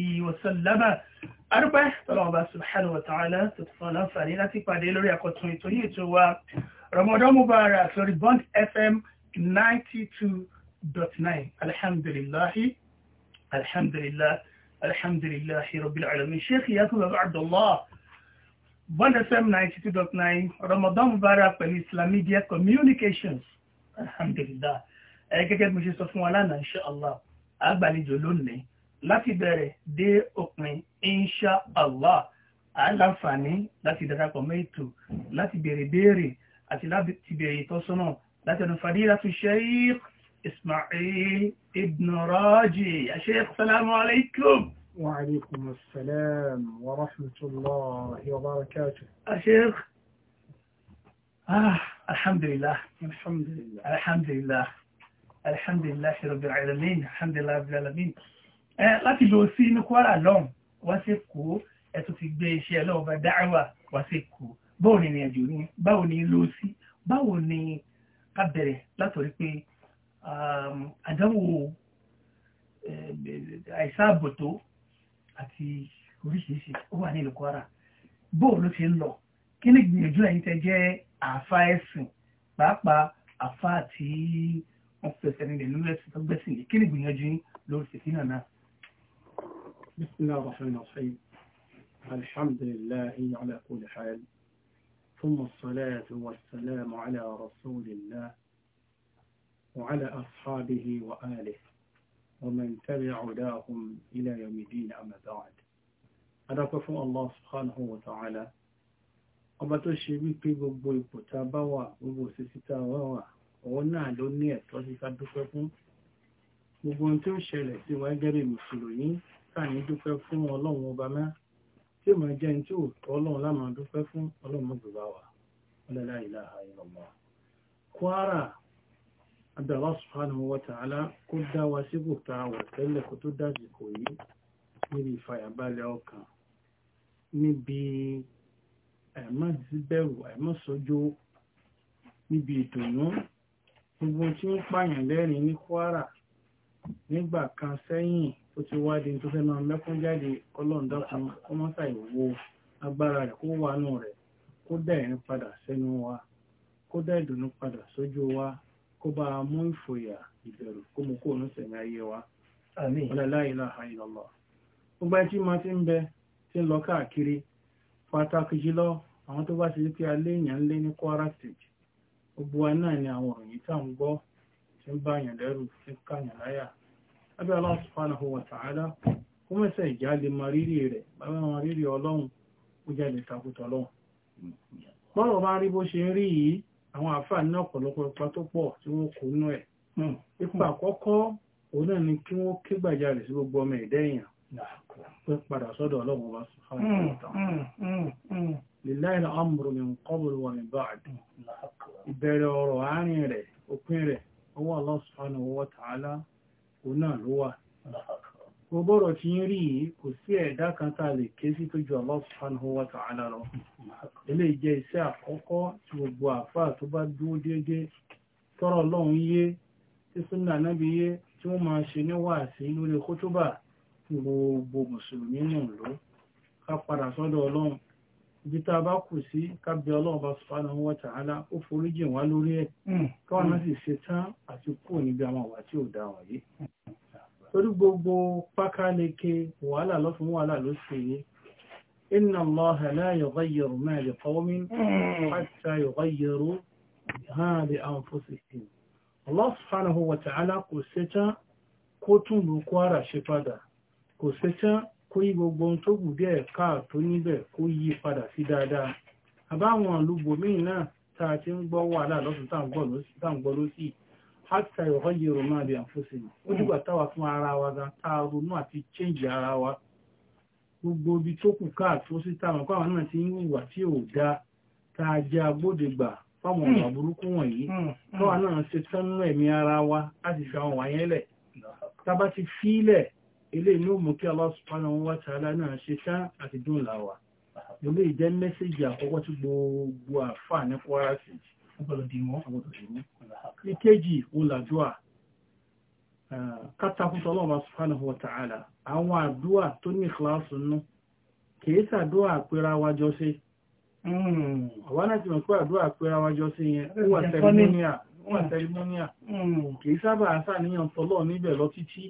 وسلم أربع طلع الله سبحانه وتعالى تتصنع فانينا تقبل لوري أكوتون يتوني يتوى رمضان مبارك لوري بوند FM 92.9 الحمد لله الحمد لله الحمد لله رب العالمين شيخ ياكم أبو عبد الله بوند FM 92.9 رمضان مبارك بالإسلامي ديا communications الحمد لله أي كيف مشي صفوان لنا إن شاء الله أقبل لوني láti bẹ̀rẹ̀ dé òpin insha allah aláǹfààní láti darapọ̀ mẹ́tò láti bèrè bere àti láti bèrè ìtọ́sọ́nà láti fadila fi sheikh ismail ibn raji ya sheikh salamu alaikum. وعليكم السلام ورحمة الله وبركاته الشيخ آه الحمد لله الحمد لله الحمد لله الحمد لله رب العالمين الحمد لله رب العالمين láti lọ sí ní Kwara lọ́hùn wá sí Èkó ẹ tún ti gbé iṣẹ́ lọ́ọ̀bá dáhàwà wá sí Èkó báwo ni ìrìn àjò yín báwo ni lọ sí báwo ni ká bẹ̀rẹ̀ látọ̀rí pé um, àdánwò eh, àìsàbòtó àti oríṣiríṣi ó wà nílùú Kwara bóò ló ti ń lọ kí ni gbìyànjú ẹ̀yin tẹ́ jẹ́ àáfà ẹ̀sìn pàápàá àáfà tí wọ́n fẹsẹ̀ nílẹ̀ lórí ẹ̀sìn tó gbẹ̀sìn kí ni gbìyànjú lórí fìtínà náà. بسم الله الرحمن الرحيم الحمد لله على كل حال ثم الصلاة والسلام على رسول الله وعلى أصحابه وآله ومن تبع داهم إلى يوم الدين أما بعد أدقف الله سبحانه وتعالى ọba tó ṣe wípé gbogbo ipò tá a bá wà gbogbo òṣìṣẹ́ tá a wá wà òun náà ló ní ẹ̀tọ́ sí ká dúpẹ́ fún gbogbo ohun tó ń ṣẹlẹ̀ sí wa gẹ́gẹ́ bí mùsùlùmí káàní dúpẹ́ fún ọlọ́run ọba mẹ́ tí mo jẹ́ ní tí ò tọ́ ọlọ́run lámà dúpẹ́ fún ọlọ́run mọ́gbìbá wa ọlọ́lá ìlàhà ìrọ̀mọ́ Kwara adàlá subhanahu wa ta'ala kó dá wa síbò ta wọ̀ tẹ́lẹ̀ kó tó dásìkò yìí níbi ìfàyàbalẹ̀ ọkàn níbi àìmọ́ síbẹ̀rù àìmọ́ sójó níbi ìdùnnú gbogbo tí ń pààyàn lẹ́rìn ní Kwara nígbà kan sẹ́yìn o ti wá di tó fẹ́ máa mẹ́kún jáde ọlọ́run kó má agbára rẹ̀ kó wà nù rẹ̀ kó dá padà sẹ́nu wa kó dá ìdùnnú padà sójú wa kó bá a mú ìfòyà ìbẹ̀rù kó mú kó sẹ̀mí ayé wa. gbogbo ẹtí ti ń bẹ tí ń lọ káàkiri pàtàkì jùlọ àwọn tó bá ti pé alẹ́ èèyàn lé ní Kwara State gbogbo wa náà ni àwọn òròyìn tá à ń gbọ́ tí ń bá àyàn lẹ́rù abẹ́ Allah subhanahu wa ta'ala kó mẹ́sẹ̀ ìjà lè mọ rírì rẹ̀ bàbá wọn rírì ọlọ́run ó jẹ́ lè takùtọ̀ lọ́hùn. bọ́rọ̀ bá rí bó ṣe ń rí yìí àwọn àfáà ní ọ̀pọ̀lọpọ̀ ipa tó pọ̀ tí wọ́n kó nú ẹ̀. Hmm. ipa àkọ́kọ́ òun náà ni kí wọ́n ké gbàjarè sí gbogbo ọmọ ẹ̀dá èèyàn pé padà sọ́dọ̀ ọlọ́run wa subhanahu wa hmm. Hmm. ìbẹ̀rẹ̀ ọ̀rọ̀ àárín rẹ̀ òpin rẹ̀ ọwọ́ Allah subhanahu wa ta'ala òun náà ló wà gbogbo tí ń rí yìí kò sí ẹ̀dá kan tá lè ké sí tó ju Allah subhanahu wa ta'ala lọ ilé jẹ́ iṣẹ́ àkọ́kọ́ tí gbogbo àfáà tó bá dúró déédé tọ́rọ lọ́hun yé tí súnà nábi yé tí wọ́n máa ṣe ní wàásí lórí kótóbà gbogbo mùsùlùmí nù ló ká ibi tá a bá kù sí kábí ọlọ́ọ̀bá subhanahu wa ta'ala ó foríjì wá lórí ẹ̀ hmm. káwọn náà sì hmm. ṣe tán àti kúrò níbi àwọn àwà tí ò dá wọ̀nyí hmm. torí gbogbo pákáleke wàhálà lọ́fún wàhálà ló ṣe yé inna Allaha la yughayyiru ma bi qawmin hatta yughayyiru ha bi anfusihim Allah subhanahu wa ta'ala kò ṣe tán kó tún lù kwara ṣe padà kò ṣe tán kó yí gbogbo ohun tó kù díẹ̀ káàtó níbẹ̀ kó yí padà sí dáadáa àbáwọn àlúgbòmíì náà tá a ti ń gbọ́ wàhálà lọ́sùn tá à ń gbọ́ lọ́sì hátà ìwọ̀kọ́ yìí rò máa bí àǹfóṣe ó fún ara wa gan tá a ronú àti chẹ́ǹjì ara wa gbogbo ibi tó kù sí káwọn náà ti ń hùwà tí ò tá a jẹ hmm. burúkú wọ̀nyí hmm. ara wa láti fi àwọn tá a bá ilé inú mú kí Allah subhanahu wa ta'ala náà ṣe tán àti dùn láwà ilé ìjẹ́ mẹ́sẹ̀jì àkọ́kọ́ tí gbogbo àfà ní Kwara sí ìkejì olàdúà kátàkùtà Allah subhanahu wa ta'ala àwọn àdúà tó ní ìkìláàsù nú kìí sàdúà pẹ́ra wájọ́ sí hmm, àwọn láti mọ̀ pé àdúà pẹ́ra wájọ́ sí yẹn ó wà tẹ̀lé wọ́n tẹrimọ́níà hmm, kìí sábà àṣàníyàn tọ́lọ̀ níbẹ̀ lọ títí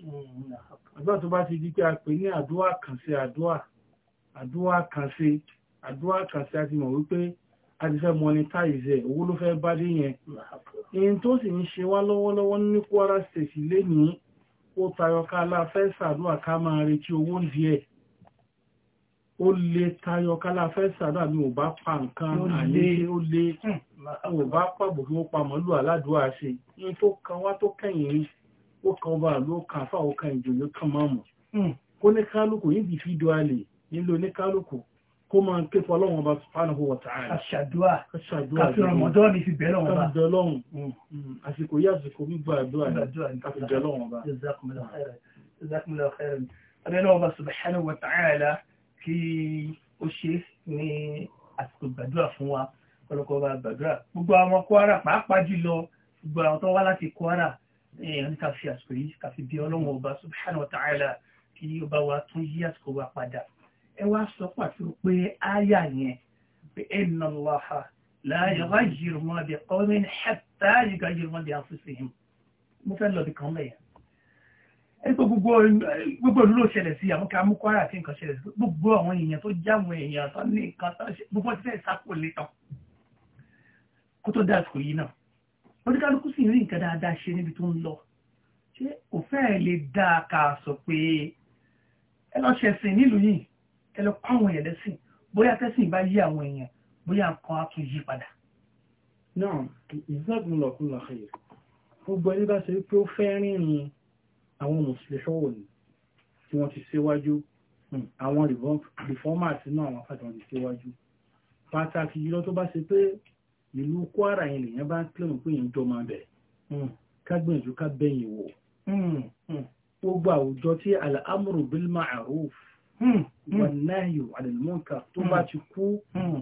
àgbà tó bá ti di pé a pè ní àdúrà kànṣe àdúrà àdúrà kànṣe àdúrà kànṣe a ti mọ̀ wípé a ti fẹ́ monetize ẹ̀ owó ló fẹ́ bá dé yẹn èyí tó sì ń ṣe wá lọ́wọ́lọ́wọ́ ní Kwara State lénìí ó tayọ ká la fẹ́ ṣàdúrà ká máa retí owó díẹ̀ ó lè tayọ ká la fẹ́ ṣàdúrà mi ò bá pa nǹkan àyè ó lè àwọn bá pàbò kí wọ́n pa mọ́lú aládùúgbò ṣe ní tó kan wá tó kẹ́yìn rí ó kan bá ló kan fáwọn kan ìjòyè kan máa mọ̀ hmm, kó ní kálukú yìí ti fi do alè nílò ní kálukú kó máa ń kéfọ́ ọlọ́run ọba subhanahu wa ta'ala. aṣàdúrà káfí rọmọdọ́ọ̀nì fi bẹ̀rẹ̀ ọba. káfí dọ́lọ́run hmm, hmm, àsìkò yí àsìkò gbígbà àdúrà ní káfí dọ́lọ́run ọba. jazakumullahu khairan abẹ́rẹ́ ọba subhanahu wa ta'ala kí ó ṣe ní àsìkò gbàdúrà fún wa ọlọ́kọ̀ bá gbàdúrà gbogbo àwọn Kwara pàápàá jùlọ gbogbo àwọn tó wá láti Kwara ní ká fi àsìkò yìí ká fi bí ọlọ́run ọba subhanahu wa ta'ala kí ọba wa tún yí àsìkò wa padà ẹ wá sọ pàtó pé áyà yẹn pé inna Allaha la yughayyiru ma bi qawmin hatta yughayyiru ma bi anfusihim mo fẹ́ lọ bí kan lẹ́yìn ẹgbẹ́ gbogbo ló ṣẹlẹ̀ sí àwọn kàmú Kwara àti nǹkan ṣẹlẹ̀ sí gbogbo àwọn èèyàn tó jáwọn èèyàn tó ní nǹkan tó ṣe gbogbo ti fẹ́ sápò kó tó dàsìkò yìí náà oníkálukú sì rí nǹkan dáadáa ṣe níbi tó ń lọ ṣé kò fẹ́ẹ̀ lè dáa ká sọ pé ẹ lọ ṣẹ̀sìn nílùú yìí ẹ lọ kọ́ àwọn èèyàn lẹ́sìn bóyá tẹ́sìn bá yí àwọn èèyàn bóyá nǹkan á tún yí padà. náà ìzágun lọkùn lọkùn yìí gbogbo ẹni bá ṣe pé ó fẹ́ rìnrìn àwọn mùsùlùmí tí wọ́n ti ṣíwájú hmm. àwọn reformers náà àwọn afẹ́tàn ti ṣíwájú pàtàkì jùlọ tó bá ṣe pé ìlú Kwara yẹn lèyàn bá ń kílẹ̀mù pé èèyàn jọ máa bẹ̀ hmm. ká gbìyànjú ká bẹ̀yìn wò hmm. Hmm. gbogbo àwùjọ tí al'amuru bil ma'aruf wan nahyu 'anil munkar tó bá ti kú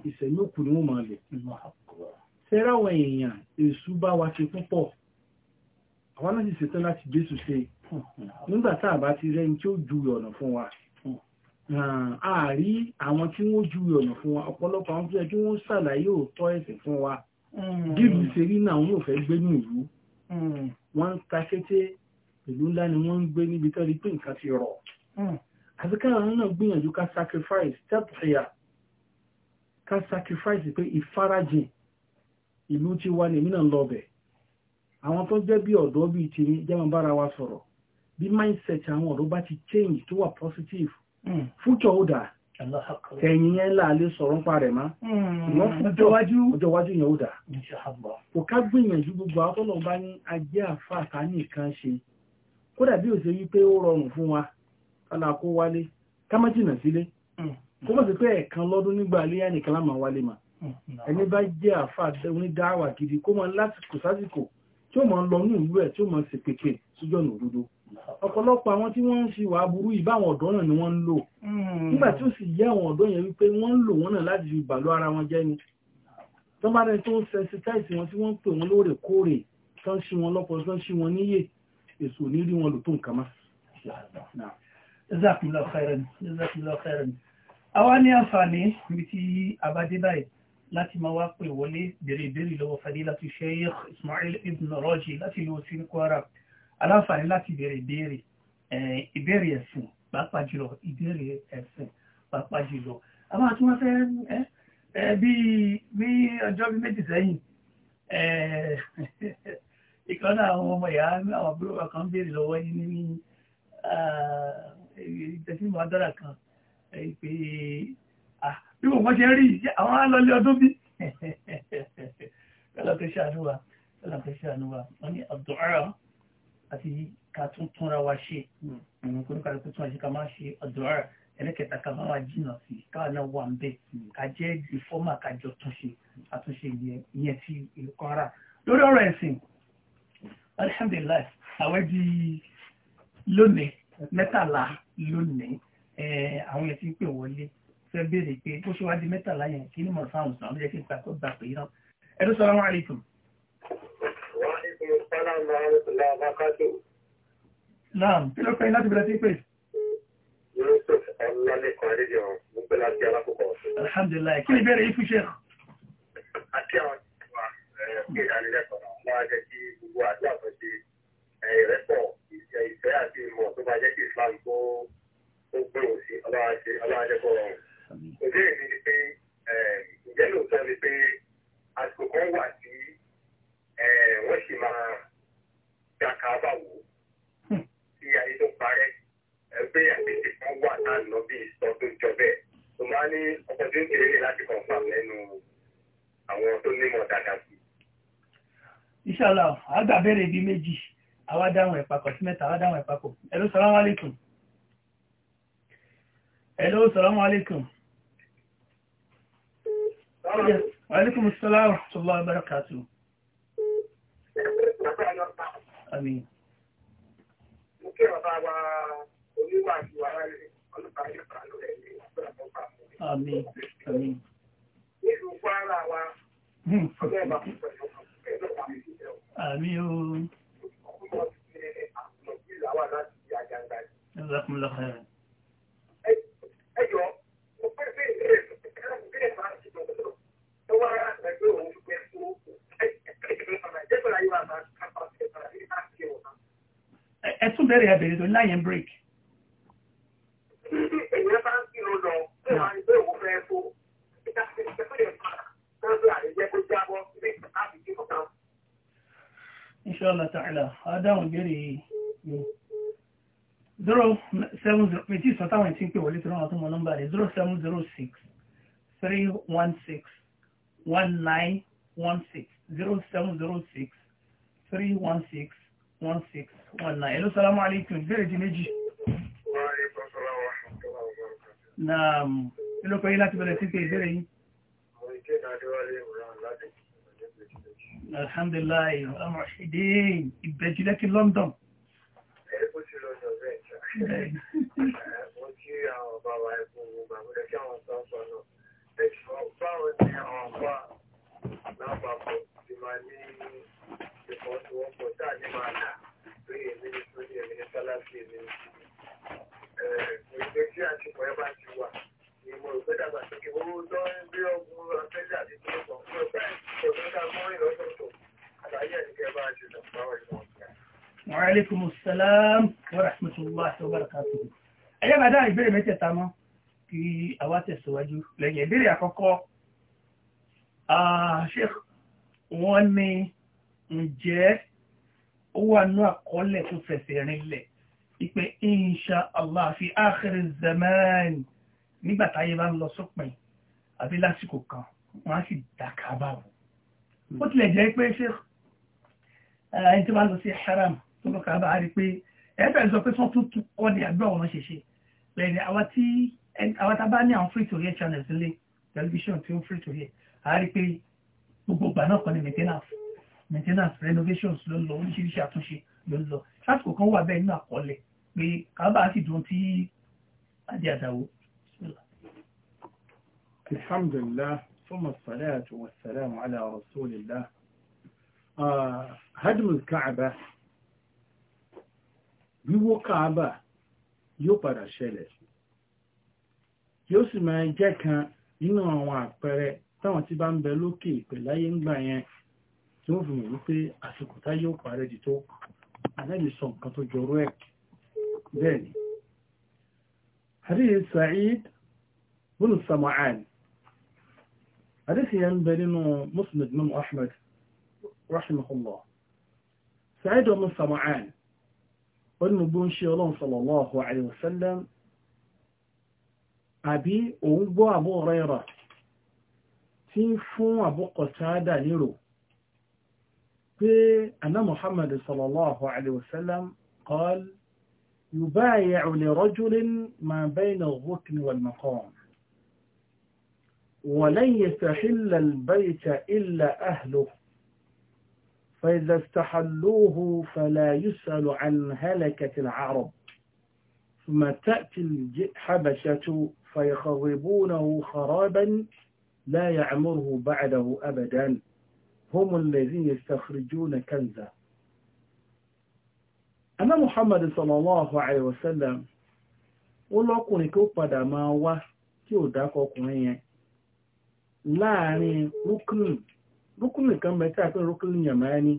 ìsẹ̀yókù ni wọ́n máa lè sẹ́ráwọ̀ èèyàn èṣù bá wa ṣe púpọ̀ àwọn náà sì ṣetán láti gbésù ṣe nígbà tá a bá ti rẹ́ni tí ó ju ọ̀nà fún wa àárí àwọn tí wọ́n ju ọ̀nà fún wa ọ̀pọ̀lọpọ̀ àwọn tó yẹ kí wọ́n ṣàlàyé òótọ́ ẹ̀sìn fún wa hmm. bílù ṣe rí náà wọn ò fẹ́ gbé ní ìlú hmm. wọ́n ń ka kété ìlú ńlá ni wọ́n ń gbé níbi tó rí pé nǹkan ti rọ̀ hmm. àti káwọn náà gbìyànjú ká sacrifice step prayer ká sacrifice pé ìfarajìn ìlú ti wá ní mí náà lọ́bẹ̀ àwọn tó jẹ́ bí ọ̀dọ́ bíi tèmi jẹ́ máa bára wa sọ̀rọ̀ bí mindset àwọn ọ̀dọ́ bá ti change tó wà positive fújọ ó dà ẹ̀yìn yẹn láàlé sọ̀rọ̀ ń parẹ̀ má ìwọ́n hmm. fújọ ọjọ́ wájú yẹn ó dà kò ká gbìyànjú gbogbo àtọ́lọ̀ bá ní ajé àfáà ká nìkan ṣe kódà bí ó ṣe wí pé ó rọrùn fún wa kálá kó wálé ká má jìnà sílé hmm. kó mọ̀ sí pé ẹ̀kan lọ́dún nígbà aléyà nìkan láàmà wálé mà hmm. ẹni bá jẹ́ àfáà onídáwà gidi kó mọ lásìkò sásìkò tí ó mọ lọ ní ìlú ẹ̀ tí ó mọ ṣèpèpè síjọ́nà òdodo ọ̀pọ̀lọpọ̀ àwọn tí wọ́n ń fi wà burú ìbáwọn ọ̀dọ́ náà ni wọ́n ń lò hmm. nígbà tí ó sì yẹ àwọn ọ̀dọ́ yẹn wípé wọ́n ń lò wọ́n náà láti fi bàlú ara wọn jẹ́ ni tọ́bárẹ́ tó ń sensitize wọn tí wọ́n ń pè wọ́n lóòrèkóòrè tán sí wọn lọ́pọ̀ tán sí wọn níyè èso ní rí wọn lò tó nǹkan má. àwa ní àǹfààní ibi tí abadé báyìí láti máa wá pè wọlé bèrè ìbéèrè lọ́wọ́ fadilatu Sheikh Ismail ibn Raji láti lọ sí Kwara aláǹfààní láti béèrè ìbéèrè ìbéèrè ẹ̀sìn pàápàá jùlọ ìbéèrè ẹ̀sìn pàápàá jùlọ àwọn àti wọn fẹ́ ẹ bí bí ọjọ́ bí méjì sẹ́yìn ìkan náà àwọn ọmọ ìyá àwọn àbúrò wa kan béèrè lọ́wọ́ yín ní ìtẹ̀síwọ̀n adára kan pé bí mo mọ́ ṣe rí àwọn alọ́lé ọdún bí ẹlọ́pẹ́ ṣàánú wa ẹlọ́pẹ́ ṣàánú wa wọ́n ní àbdùárà àti ká tún túnra wa ṣe ìrìn hmm. kó ní kálukú tún àṣẹ ká máa ṣe àdúrà ẹlẹ́kẹta ká máa jìnnà sí i káwa náà wà ń bẹ̀ hmm. ká jẹ́ di fọ́mà kájọ túnṣe àtúnṣe ìyẹn ti ìlúkọ ara lórí ọ̀rọ̀ ẹ̀sìn alhamdulilayi àwẹ̀ di lónìí mẹ́tàlá lónìí àwọn yẹn ti ń pè wọlé fẹ́ béèrè pé bó ṣe wá di mẹ́tàlá yẹn kí ni mo fáwọn sàn án ló yẹ kí n gbà tó gbà pé yín náà ẹ tó sọ sálámù àrùtùlá àbákátó. Naam, kí ló fẹ́ láti bẹ̀rẹ̀ sí pé? Yusuf Ọlọ́lẹ́kọ̀ Adéjọ́, mo pẹ́ láti alákòókò. Alhamdulillah, kí ni ìbéèrè yìí fún Sheikh? Àti àwọn ìjọba ẹ̀ẹ́dẹ́gbẹ̀rẹ̀ ìdánilẹ́kọ̀ọ́ náà, wọ́n á ni pé ǹjẹ́ lóòótọ́ ni pé àsìkò kan wà tí wọ́n sì máa dàkà bá wò sí hmm. ayé tó parẹ́ ẹgbẹ́ àgbèsè kan wà lánà bí sọ tó jọ bẹ́ẹ̀ tó máa ní opportunity rere láti lẹ́nu àwọn tó nímọ̀ dáadáa sí. Inshallah àgbà bíi méjì àwa dáhùn ẹ̀ papọ̀ sí mẹ́ta àwa dáhùn ẹ̀ papọ̀ salaam àmì. mo kí ọba wa oníwà àti wàhálà rẹ ọlọ́pàá yóò kà lórí ẹni ọgbà tó bá mú. àmì àmì. nílùú kwara wa ọjọ́ ìbá fún pẹ̀lú ẹ̀rọ àmì ìṣẹ̀lẹ̀ o. àmì o. ọmọ ti ṣe àpò ìlàwà láti di àjàǹgbá yìí. ẹ bá kún lọ́kàn rẹ̀. ẹ jọ mo pẹ́ bẹ́ẹ̀ bẹ́ẹ̀ bẹ́ẹ̀ máa ń ṣe lọ́wọ́ rárá. ẹ bẹ̀rẹ̀ ẹ̀bẹ̀rẹ̀ tó láyé ń break. Inshallah ta'ala, Adáhùn ìbéèrè yìí. 070, mi tí sọ́táwọn tí ń pè wọlé tó nọ́mbà rẹ̀ one six one nine hello salamu alaikum ìbéèrè ti méjì. naam kí ló pẹ́ yín láti bẹ̀rẹ̀ sí pé ìbéèrè yín. alhamdulilayi alamọ̀ṣẹ́dé ìbẹ̀jìlẹ̀ ti London. kí àwọn bàbá náà ẹ̀ṣọ́ báwo ni àwọn àbá náà bá máa ní ìfọwọ́sowọ́pọ̀ tá a ní máa là pé èmi ní sórí èmi ní sálásí èmi ní síbi. ìgbé tí àtìpọ̀ ẹ bá ti wà ni mo rò pé dàgbàsókè owó tó ń gbé ọgbọ́n afẹ́lẹ́ àti tó ń fún ọgbà òṣèlú mọ́rin lọ́sọ̀tọ̀ àlàyé ẹ̀dínkẹ́ bá ti sàn fáwọn ìwọ̀n. Wàhálẹ́kùn Sàlám Wàràhàmùsùlùmáà tó bára káàkiri. ìbéèrè mẹ́tẹ̀ẹ̀ta mọ́ kí àwa tẹ̀síwájú lẹ́yìn ìbéèrè àkọ́kọ́. Ah, wọ́n ní ǹjẹ́ ó wà ní àkọọ́lẹ̀ tó fẹsẹ̀ rinlẹ̀ ìpè insha allah fi akhiri zaman nígbà táyé bá ń lọ sópin àbí lásìkò kan wọ́n á sì dàkàbà wò ó tilẹ̀ jẹ́ pé ṣé eh, ẹni tí wọ́n lọ sí haram tó lọ kàbà rí pé ẹ̀ẹ́fẹ̀ẹ́ sọ pé wọ́n kọ́ ní àgbẹ̀ ọ̀rọ̀ ṣe ṣe bẹ́ẹ̀ àwọn tí àwọn tá bá ní àwọn free to hear channels nílé Television tí ó free to hear á rí pé gbogbo ìgbà náà kọ́ ni maintenance maintenance renovations ló ń lọ oríṣiríṣi àtúnṣe ló ń lọ sásìkò kan wà bẹ́ẹ̀ nínú àkọọ́lẹ̀ pé kábàá sì dùn tí adé àdáwó. alhamdulillah thumma salatu wa salamu ala rasulillah ah, hadmul kaaba wíwó kaaba yóò padà ṣẹlẹ̀ yóò sì máa jẹ́ kan nínú àwọn àpẹẹrẹ táwọn tí bá ń bẹ lókè ìpẹ̀láyé ń gbà yẹn tí wọ́n fi mọ̀ wípé àsìkò táyé ò parẹ́ di tó anábì sọ nǹkan tó jọrọ ẹ̀ bẹ́ẹ̀ ni hadith Sa'id bin Sam'an hadith yẹn ń ṣe ọlọ́run sallallahu alayhi wa sallam àbí òun gbọ́ Abu Hurairah tí fún fún àbúkọ̀tádà nírò pé aná Muhammad sallallahu alaihi wasallam qal yubayi'u li rajulin ma bayna al-rukn wal-maqam ولن يستحل البيت إلا أهله فإذا استحلوه فلا يسأل عن هلكة العرب ثم تأتي الحبشة فيخربونه خرابا لا يعمره بعده أبدا هم الذين يستخرجون كنزا أنا محمد صلى الله عليه وسلم ọlọ́kùnrin kí ó padà máa wá tí ò dákọ̀ ọkùnrin yẹn láàrin rúkùnrin rúkùnrin kan mẹ́ta pé rúkùnrin yàmáyání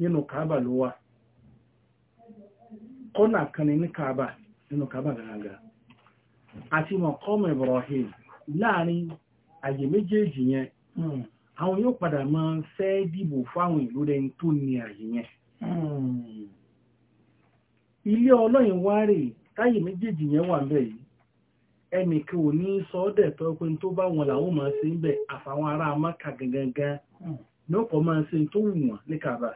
nínú kaaba ló wà kọ́nà kan ní kaaba nínú kaaba gàgàgà àti mọ̀kọ́mọ̀ Ibrahim láàrin àyè méjèèjì yẹn hmm, àwọn yóò padà máa ń fẹ́ dìbò fáwọn ìlú rẹ̀ tó ní àyè yẹn hmm. ilé ọlọ́yin wá rè táyè méjèèjì yẹn wà ńbẹ̀ yìí ẹnìkan ò ní sọ́ọ́dẹ̀ tó pé tó bá wọn làwọn máa ṣe ń bẹ̀ àfàwọn ará amáka gangan ní ọkọ̀ hmm. máa ṣe tó wù wọ́n ní kàbà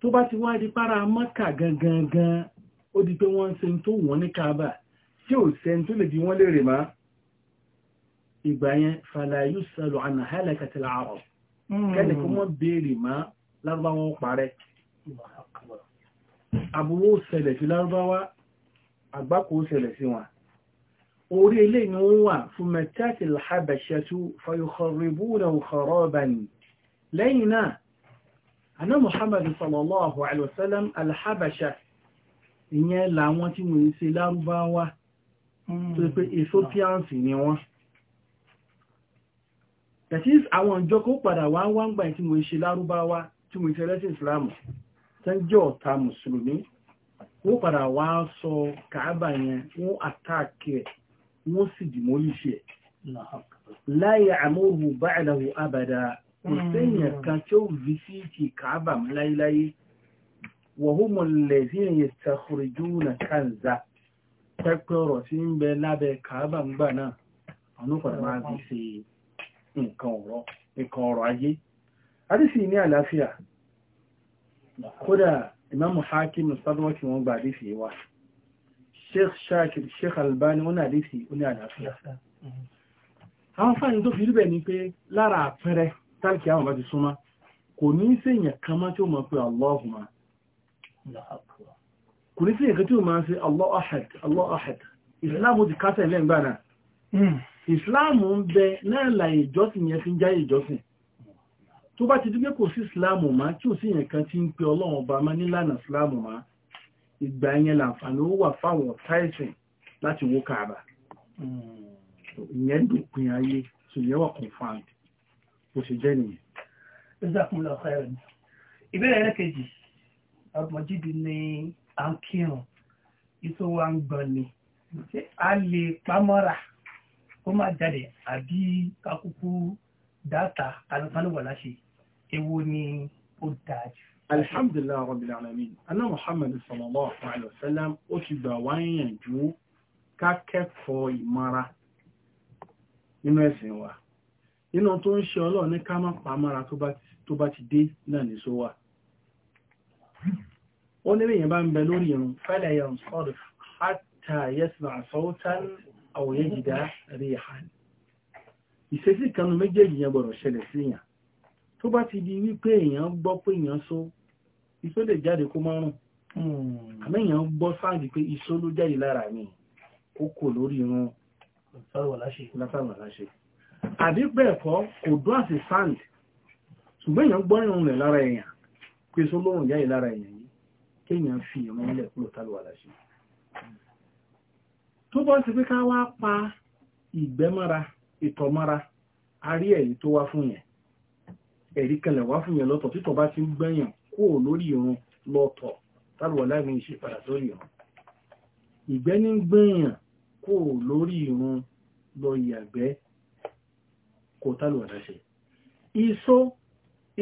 tó bá ti wá di para amáka gangan ó di pé wọ́n ṣe tó wù ní kàbà tí ò sẹ́ni tó lè di wọ́n lè rè máa ìgbà yẹn fàlàyé sọlọ àná hálàkàtàlà àrọ kẹ́lẹ̀ kí wọ́n béèrè má lárúbáwá parẹ́ àbúrò ṣẹlẹ̀ sí lárúbáwá àgbákò ṣẹlẹ̀ sí wọn orí ilé ni wọ́n wà fún mẹ́tàtì lábàṣẹ́tú fayọkọrìbú na ọkọrọ̀bàn lẹ́yìn náà aná muhammad sallallahu alaihi wasallam hmm. ni wọ́n tẹ̀sí àwọn ìjọ kó padà wá ń wá ń gbà tí wọ́n ṣe lárúbáwá tí wọ́n ṣe lẹ́sìn ìsìláàmù tán jẹ́ ọ̀tá mùsùlùmí wọ́n padà wá sọ kàábà yẹn wọ́n àtàkì ẹ̀ wọ́n sì dìmọ́lìṣì ẹ̀ láyé àmóhù báyìí abàdà kò sẹ́yìn hmm. kan tí ó fi sí ti kàábà láyéláyé wọ̀húnmọ̀ lẹ́sìn yẹn tàkùrìjú nà kànza pẹ́pẹ́ ọ̀rọ̀ sí ń bẹ lábẹ́ kàábà ń gbà náà àwọn padà wá fi ṣe nǹkan ọ̀rọ̀ nǹkan ọ̀rọ̀ ayé àdísì ní àlàáfíà kódà imamu hakim sadwaki wọn gba àdísì wa sheikh shakir sheikh albani wọn àdísì ní àlàáfíà mm-hmm. àwọn fáyí tó fi ríbẹ̀ ni pé lára àpẹẹrẹ tálkì àwọn bá ti súnmọ́ kò ní sèyàn kan mọ́ tí ó mọ̀ pé allahumma kò ní sèyàn kan tí ó mọ̀ sí allah ahad allah ahad ìsìlámù ti kásẹ̀ lẹ́gbàá náà mm ìsìláàmù ń bẹ náà láyé ìjọsìn yẹn fi ń jáyé ìjọsìn tó bá ti dúgbé kò sí ìsìláàmù má tí ò sí yẹn kan ti ń pe ọlọ́run ọba má nílànà ìsìláàmù má ìgbà yẹn làǹfààní ó wà fáwọn ọ̀tá ẹ̀sìn láti wó kààbà ìyẹn dòpin ayé so ìyẹn wà confirmed bó ṣe jẹ́ nìyẹn. jazakumullahu khairan ìbéèrè ẹlẹ́kejì ọmọjídìí ni à ń kírun ìṣòwò à ń gbọ́n ni a lè pamọ́ra kó má jáde àbí kakuku dáta alùpàlùwà láṣẹ èwo ni ó dáa jù. alhamdulilayi rabbil alamin ana muhammadu sallallahu alayhi wa sallam ó ti gbà wá yànjú ká kẹ́kọ̀ọ́ ìmara nínú ẹ̀sìn wa nínú tó ń ṣe ọlọ́ọ̀ ní ká má pa mára tó bá ti dé náà ní sówà ó ní bí yẹn bá ń bẹ lórí irun fala yansarif hatta yasma' sawtan àwòyẹ jìdá rí ìhàn ìṣesí kanu méjèèjì yẹn gbọ́dọ̀ ṣẹlẹ̀ sí èèyàn tó bá ti di wípé èèyàn gbọ́ pé èèyàn so iṣó lè jáde kó má rùn hmm. àmọ́ èèyàn gbọ́ sáàdì pé iṣó ló jáde lára mi ó kò lórí irun látàwọn aláṣẹ àbí bẹ́ẹ̀ kọ́ kò dún àti sáàdì ṣùgbọ́n èèyàn gbọ́ irun rẹ̀ lára èèyàn pé iṣó lóhùn jáde lára èèyàn yìí kéèyàn fi ìrún lẹ̀ kúrò tálùwà láṣẹ tó bọ́ sí pé ká wá pa ìgbẹ́mọ́ra ìtọ̀mọ́ra a rí ẹ̀rí tó wá fún yẹn ẹ̀rí kanlẹ̀ wá fún yẹn lọ́tọ̀ títọ̀ bá ti ń gbẹ̀yàn kúrò lórí irun lọ́tọ̀ tàbíwọ̀ láìmí ṣe padà sórí irun ìgbẹ́ ní gbẹ̀yàn kúrò lórí irun lọ ìyàgbẹ́ kò tàbíwọ̀ láṣẹ iṣó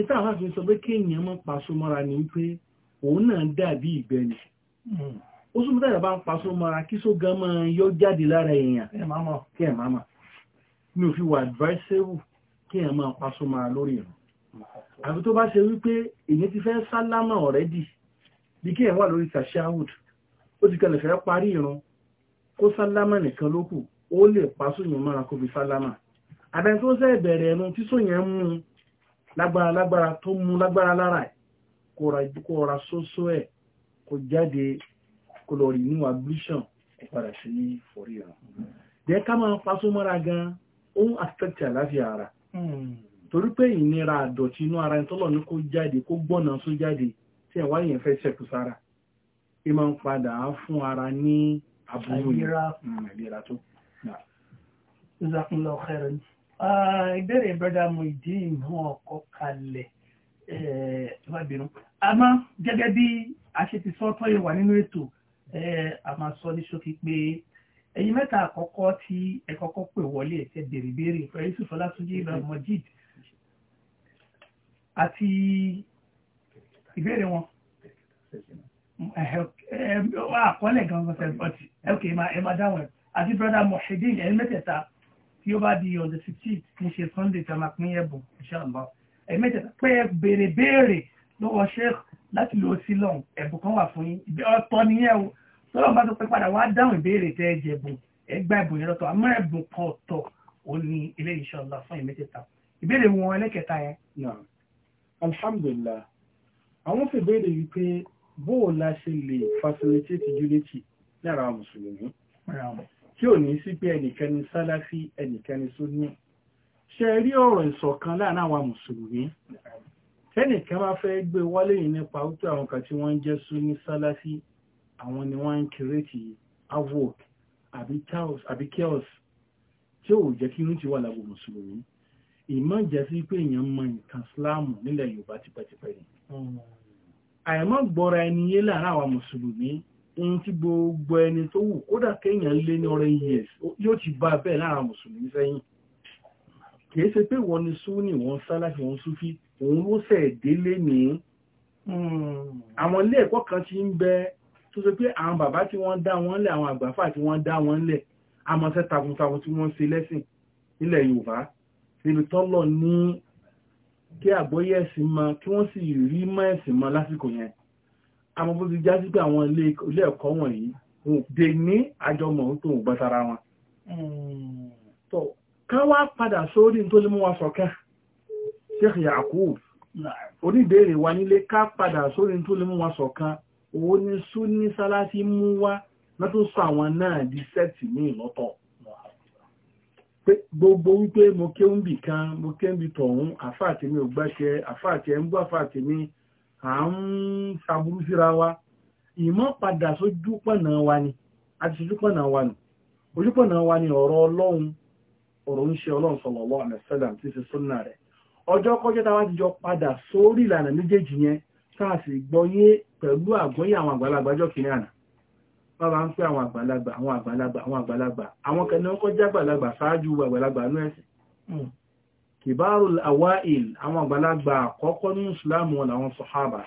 ìta àwọn àfihàn sọ pé kéèyàn mọ́ pa súnmọ́ra ni wípé òun náà dàbí ìgbẹ́ ni hmm ó súnmọ́ tẹ́yà bá ń pa só mara kí só gan máa yọ jáde lára èèyàn kí ẹ̀ máa mi ò fi wà advisable kí ẹ̀ máa pa só mara lórí ìrùn àbí tó bá ṣe wípé èyàn ti fẹ́ sálámà ọ̀rẹ́dì bí kí ẹ̀ wà lórí tashahud ó ti kẹlẹ̀ fẹ́ parí ìrùn kó sálámà nìkan lókù ó lè pa sóyìn mara kó fi sálámà àbẹ́ tó sẹ́ bẹ̀rẹ̀ ẹnu tí sóyìn mú lágbára lágbára tó mú lágbára lára kó ra sósó ẹ̀ kó jáde kó lọ rí inú ablution kó padà sí ní forí ọ̀run jẹ́ ká máa fasó mọ́ra gan ó ń affect àlàáfíà ara hmm. torí pé ìnira àdọ̀tí inú ara ìtọ́lọ̀ ní kó jáde kó gbọ́nà só jáde tí ẹ̀wá yẹn fẹ́ ṣẹ̀kù sára ẹ máa ń padà fún ara ní àbúrò ìlera hmm, tó. ìzàkúnlọ ọ̀hẹ́rẹ́ ni ìbéèrè brọ́dà ọkọ̀ kalẹ̀ ìwádìí eh, a gẹ́gẹ́ bí a ṣe ti sọ́tọ́ ìwà nínú ètò a máa sọ ní ṣókí pé ẹ̀yin mẹ́ta àkọ́kọ́ tí ẹ kọ́kọ́ pè wọlé ẹ̀kẹ́ bèrè bèrè pẹ̀lú Yusuf Ọlátúnjí Ibrahim Mojeed àti ìbéèrè wọn àkọọ́lẹ̀ gan-an sẹ́gbọ́tì ẹ̀kẹ́ ẹ máa dáhùn ẹ̀ àti brother Mohideen ẹ̀yin mẹ́tẹ̀ẹ̀ta tí ó bá di on the 15th ní ṣe Sunday tí a máa pín ẹ̀bùn inshallah ẹ̀yin mẹ́tẹ̀ẹ̀ta pé bèrè lọ́wọ́ sheikh láti lo sílọ̀n ẹ̀bùn kan wà fún yín ọ̀tọ̀ nìyẹn o sọ́lọ́n bá tó pẹ́ padà wá dáhùn ìbéèrè tẹ́ ẹ jẹ̀bùn ẹ gba ẹ̀bùn yẹn lọ́tọ̀ àmọ́ ẹ̀bùn kan ọ̀tọ̀ ò ní ilé ìṣọ̀lá fún ìmẹ́tẹ̀ẹ̀ta ìbéèrè wọn ẹlẹ́kẹta yẹn. alhamdulillah àwọn fi béèrè wípé bóò la ṣe lè facilitate unity lára mùsùlùmí tí ò ní sí pé ẹnìkẹ́ni sálàfí ẹnìkẹ́ni sunni ṣe rí ọ̀rọ̀ ìṣọ̀kan láàárín àwọn mùsùlùmí tẹ́nìkan máa fẹ́ gbé wálé yìí nípa wípé àwọn kan tí wọ́n ń jẹ́ súnmí sálásí àwọn ni wọ́n ń kírètì avok àbí chaos tí ò jẹ́ kí irú ti wà lábò mùsùlùmí ìmọ̀ jẹ́ sí pé èèyàn mọ nǹkan síláàmù nílẹ̀ yorùbá tipẹ́tipẹ́ ni àìmọ́ gbọ́ra ẹni yé láàárín àwọn mùsùlùmí ohun tí gbogbo ẹni tó wù kódà kéèyàn lé ní ọ̀rẹ́ years yóò ti bá bẹ́ẹ̀ láàárín mùsùlùmí sẹ́yìn kìí ṣe pé wọ́n ni súnì wọ́n sálàfí wọ́n súfí òun ló sẹ̀ délé ní hmm. àwọn ilé ẹ̀kọ́ kan ti ń bẹ tó ṣe pé àwọn bàbá tí wọ́n dá wọn lẹ̀ àwọn àgbàfà tí wọ́n dá wọn lẹ̀ àmọ́ṣẹ́ takuntakun tí wọ́n ṣe lẹ́sìn nílẹ̀ Yorùbá níbi tọ́lọ̀ ní kí àgbọ́yé ẹ̀sìn mọ kí wọ́n sì rí mọ́ ẹ̀sìn mọ lásìkò yẹn àmọ́ bó ti já sí pé àwọn ilé ẹ̀kọ́ wọ̀nyí dè ní àjọmọ̀ tó ń gbọ́sára wọn hmm ká wá padà sórí tó lè mú wa ṣọ̀kan Sheikh Yaqub oníbèèrè wa nílé ká padà sórí tó lè mú wa ṣọ̀kan owó ní súnní sálásí mú wá látó sọ àwọn náà di sẹ́ẹ̀tì ní ìlọ́tọ̀ gbogbo wípé mo ké ń bì kan mo ké ń bì tọ̀hún àfáàtì mi ò gbẹ́ṣẹ́ àfáàtì ẹ̀ ń bọ́ àfáàtì mi à ń ṣàbúrú síra wa ìmọ̀ padà sójúpọ̀nà wa ni àti sójúpọ̀nà wa ni ojúpọ̀nà wa ni ọ̀rọ̀ Ọlọ́run ọ̀rọ̀ ń ṣe ọlọ́run sallallahu alaihi wasallam tí fi súnà rẹ̀ ọjọ́ kọjọ́ táwa ti jọ padà sórí ìlànà méjèèjì yẹn táà sì gbọ́yé pẹ̀lú àgbọ́yé àwọn àgbàlagbà jọ kìnìún àná bàbá ń pè àwọn àgbàlagbà àwọn àgbàlagbà àwọn àgbàlagbà àwọn kan ní ọkọ̀ jẹ́ àgbàlagbà ṣáájú àgbàlagbà nú ẹ̀sìn hmm. kìbárùl awa'il àwọn àgbàlagbà àkọ́kọ́ ní ìsìláàmù wọn làwọn sọ̀hábà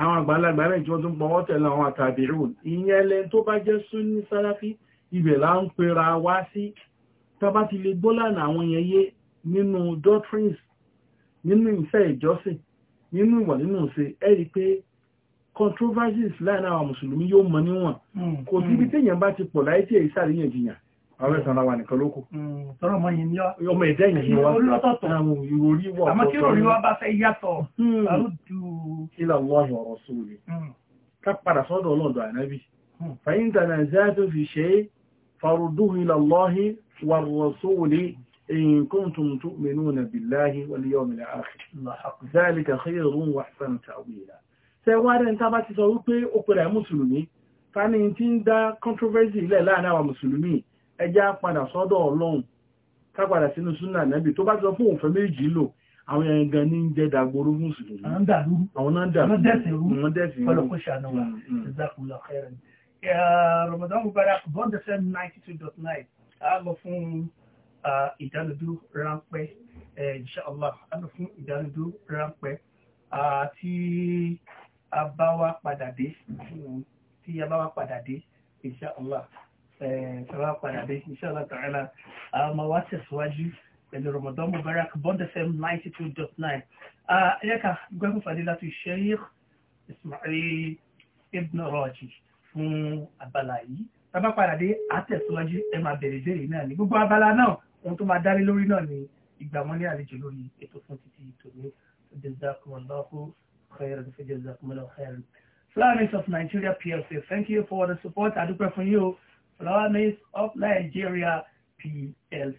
àwọn àgbàlagbà mẹ́jì wọ́n tún pọ̀wọ́ tẹ̀lé àwọn àtàbírùn ìyẹn lẹ́n tó bá jẹ́ súnní sáláfí ibẹ̀ là ń pera wá sí tọba ti lè gbólànà àwọn yẹn yé nínú doctrines nínú ìfẹ́ ìjọsìn nínú ìwà nínú ìṣe ẹ pé controversies láàrin àwọn mùsùlùmí yóò mọ níwọ̀n hmm, kò sí hmm. ibi téèyàn bá ti pọ̀ láyé tí èyí sàríyànjiyàn àwọn ẹ̀sán ara nìkan lókù hmm, tọrọ ọmọ yìí ní ọmọ ila Allahi rasuli ká padà sọ́dọ̀ ọlọ́dọ̀ ànábì fa fi shay'in farudduhu ila Allahi والرسول إن كنتم تؤمنون بالله واليوم الآخر ذلك خير وأحسن تأويلا سيوارد أنت bá ti sọ wípé ó pẹ̀lẹ̀ mùsùlùmí fani tí ń dá controversy ilẹ̀ láàrin àwọn mùsùlùmí ẹjá padà sọ́dọ̀ ọlọ́run kápadà sínú súnà nẹ́bì tó bá ti sọ fún òfẹ́ méjì lò àwọn ẹ̀yìn gan ní jẹ́ dàgbòrò mùsùlùmí àwọn náà dàrú àwọn dẹ̀sìn rú Ramadan Mubarak bond 92.9 àmọ́ fún ìdánudúró ráńpẹ́ inshallah àmọ́ fún ìdánudúró ráńpẹ́ tí a bá wá padà dé tí a bá wá padà dé inshallah sọ́wọ́ padà dé inshallah ta'ala àmọ́ wá tẹ̀síwájú pẹ̀lú Ramadan Mubarak Bond FM ninety two dot nine ẹ̀yẹ́ka gbẹ́gun fadilatu Sheikh Ismail Ibn Raji fún abala yìí tábà padà àtẹ̀síwájú ẹ máa bẹ̀rẹ̀ ìbéèrè náà ní gbogbo abala náà ohun tó máa dárí lórí náà ni ìgbà wọn ní àlejò lórí ètò fún títí tòní jazakumullahu khairan fi jazakumullahu khairan. Flower Mix of Nigeria PLC thank you for the support adúpẹ́ fún yín o Flower Mix of Nigeria PLC.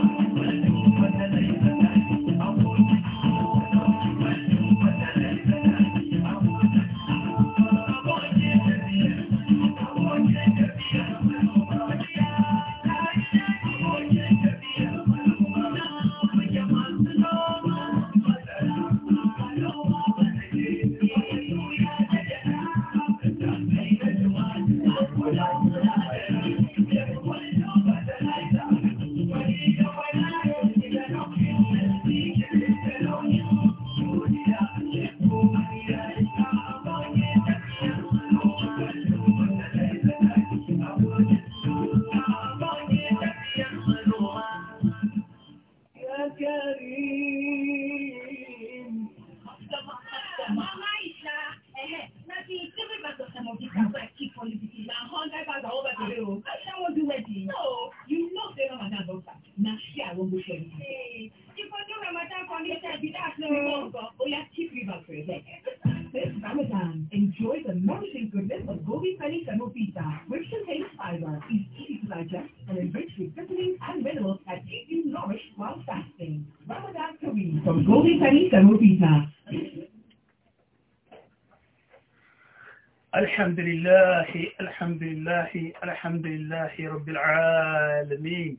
الحمد لله الحمد لله الحمد لله رب العالمين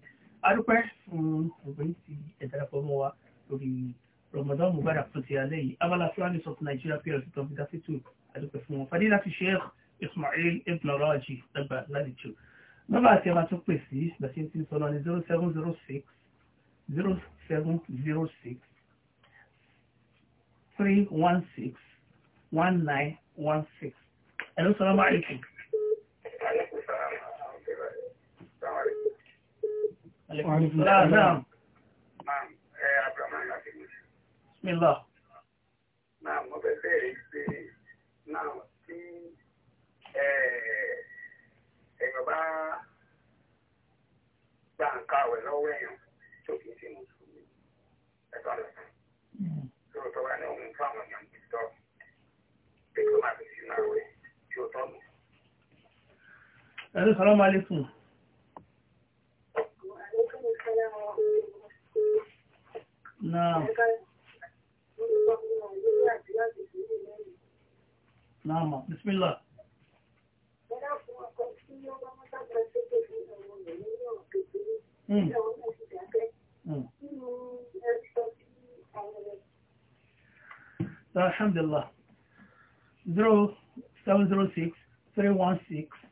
adúpẹ́ fún ọ̀gbìn tí ẹ̀dára pọ̀ mọ́ wa lórí Ramadan Mubarak fún ti alẹ́ yìí abala Fulani sọ fún Nigeria plc tó fi dáfẹ́ tó adúpẹ́ fún wọn fadí láti Sheikh Ismail ibn Raji dàgbà lálejò nọ́mbà àti ẹ̀ma tó pè sí bàtí ti ń sọ̀rọ̀ ní zero seven zero six zero seven zero six three one six one nine one six. Hello, salam alaikum. Alaikum ah, salam. Bismillah. Náà mo fẹ́ bẹ̀rẹ̀ pé náà tí èèyàn bá gbà ń kàwé lọ́wọ́ èèyàn tó kìí sí mùsùlùmí ẹ̀ka lọ́sàn-án. Tó hmm. tọ́wá ní òun fáwọn Hello, salam alaikum. Naam. ma, bismillah. Hmm. Hmm. Alhamdulillah. 0706 316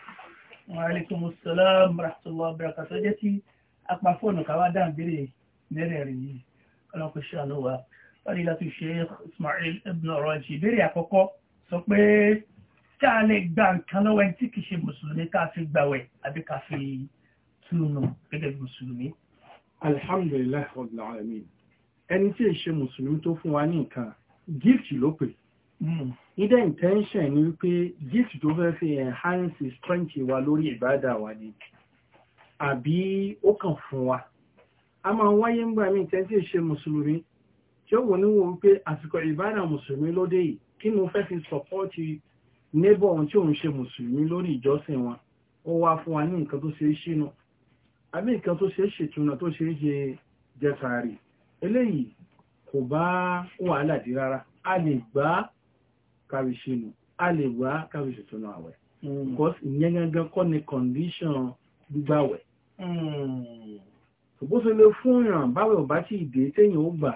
Wàhálẹ́kùn Sọlám Ràtúlọ́ Bẹ̀rẹ̀kà tó jẹ́ tí apá fóònù káwá dá ìbéèrè mẹ́rẹ̀ẹ̀rin yìí. Ọlọ́run kò ṣàánú wa. Wọ́n láti Sheikh Ismail Ibn Rajhi. Ìbéèrè àkọ́kọ́ sọ pé tí a lè gba nǹkan lọ́wọ́ ẹni tí kìí ṣe Mùsùlùmí ká fi gbàwẹ̀ àbí ká fi túnú gẹ́gẹ́ bí Mùsùlùmí. Alhamdulillah Rabbil Alamin. Ẹni tí ì ṣe Mùsùlùmí Ida intention ni wípé gift tó fẹ́ fi enhance strength wa lórí ìbádà wa ni àbí ó kàn fún wa a máa wáyé ńgbà mí tẹ́ tí ṣe mùsùlùmí tí ó wò ní wò wípé àsìkò ìbádà mùsùlùmí lóde yìí kí mo fẹ́ fi support neighbor ohun tí òun ṣe mùsùlùmí lórí ìjọsìn wọn ó wá fún wa ní nǹkan tó ṣe é ṣínú àbí nǹkan tó ṣe é ṣètúnà tó ṣe é ṣe jẹsàárì eléyìí kò bá wàhálà dí rárá a lè gbá kárí ṣínú a lè wá kárí ṣètúnú àwẹ̀ hmm. because ìyẹn gangan kọ́ ni condition gbígbàwẹ̀ ṣùgbọ́n hmm. ṣe lè fún ìràn báwẹ̀ ò bá tí ì dé téèyàn ó gbà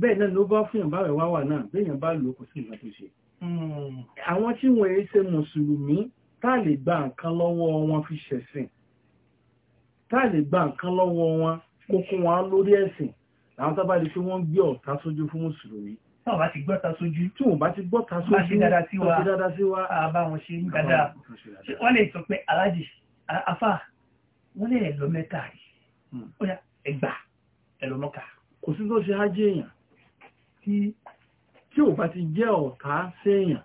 bẹ́ẹ̀ náà ló bá fún ìràn báwẹ̀ wá wà náà béèyàn bá lò kò sí ìrìn tó ṣe hmm. àwọn tí wọ́n èé ṣe mùsùlùmí tá lè gba nǹkan lọ́wọ́ wọn fi ṣẹ̀sìn tá lè gba nǹkan lọ́wọ́ wọn kókó wọn lórí ẹ̀sìn làwọn tábàdí pé wọ́n gbé ọ̀tá sójú fún mùsùlùmí náà bá ti gbọ́ta sójú tí wọ́n bá ti gbọ́ta sójú bá ṣe dáadáa sí wa bá wọn ṣe dáadáa wọ́n lè sọ pé alájì afá wọ́n lè lọ mẹ́ta rí hmm. ó yá ẹgbà ẹlọmọ́ka kò sí tó ṣe ájé èèyàn tí ò bá ti jẹ́ ọ̀tá séèyàn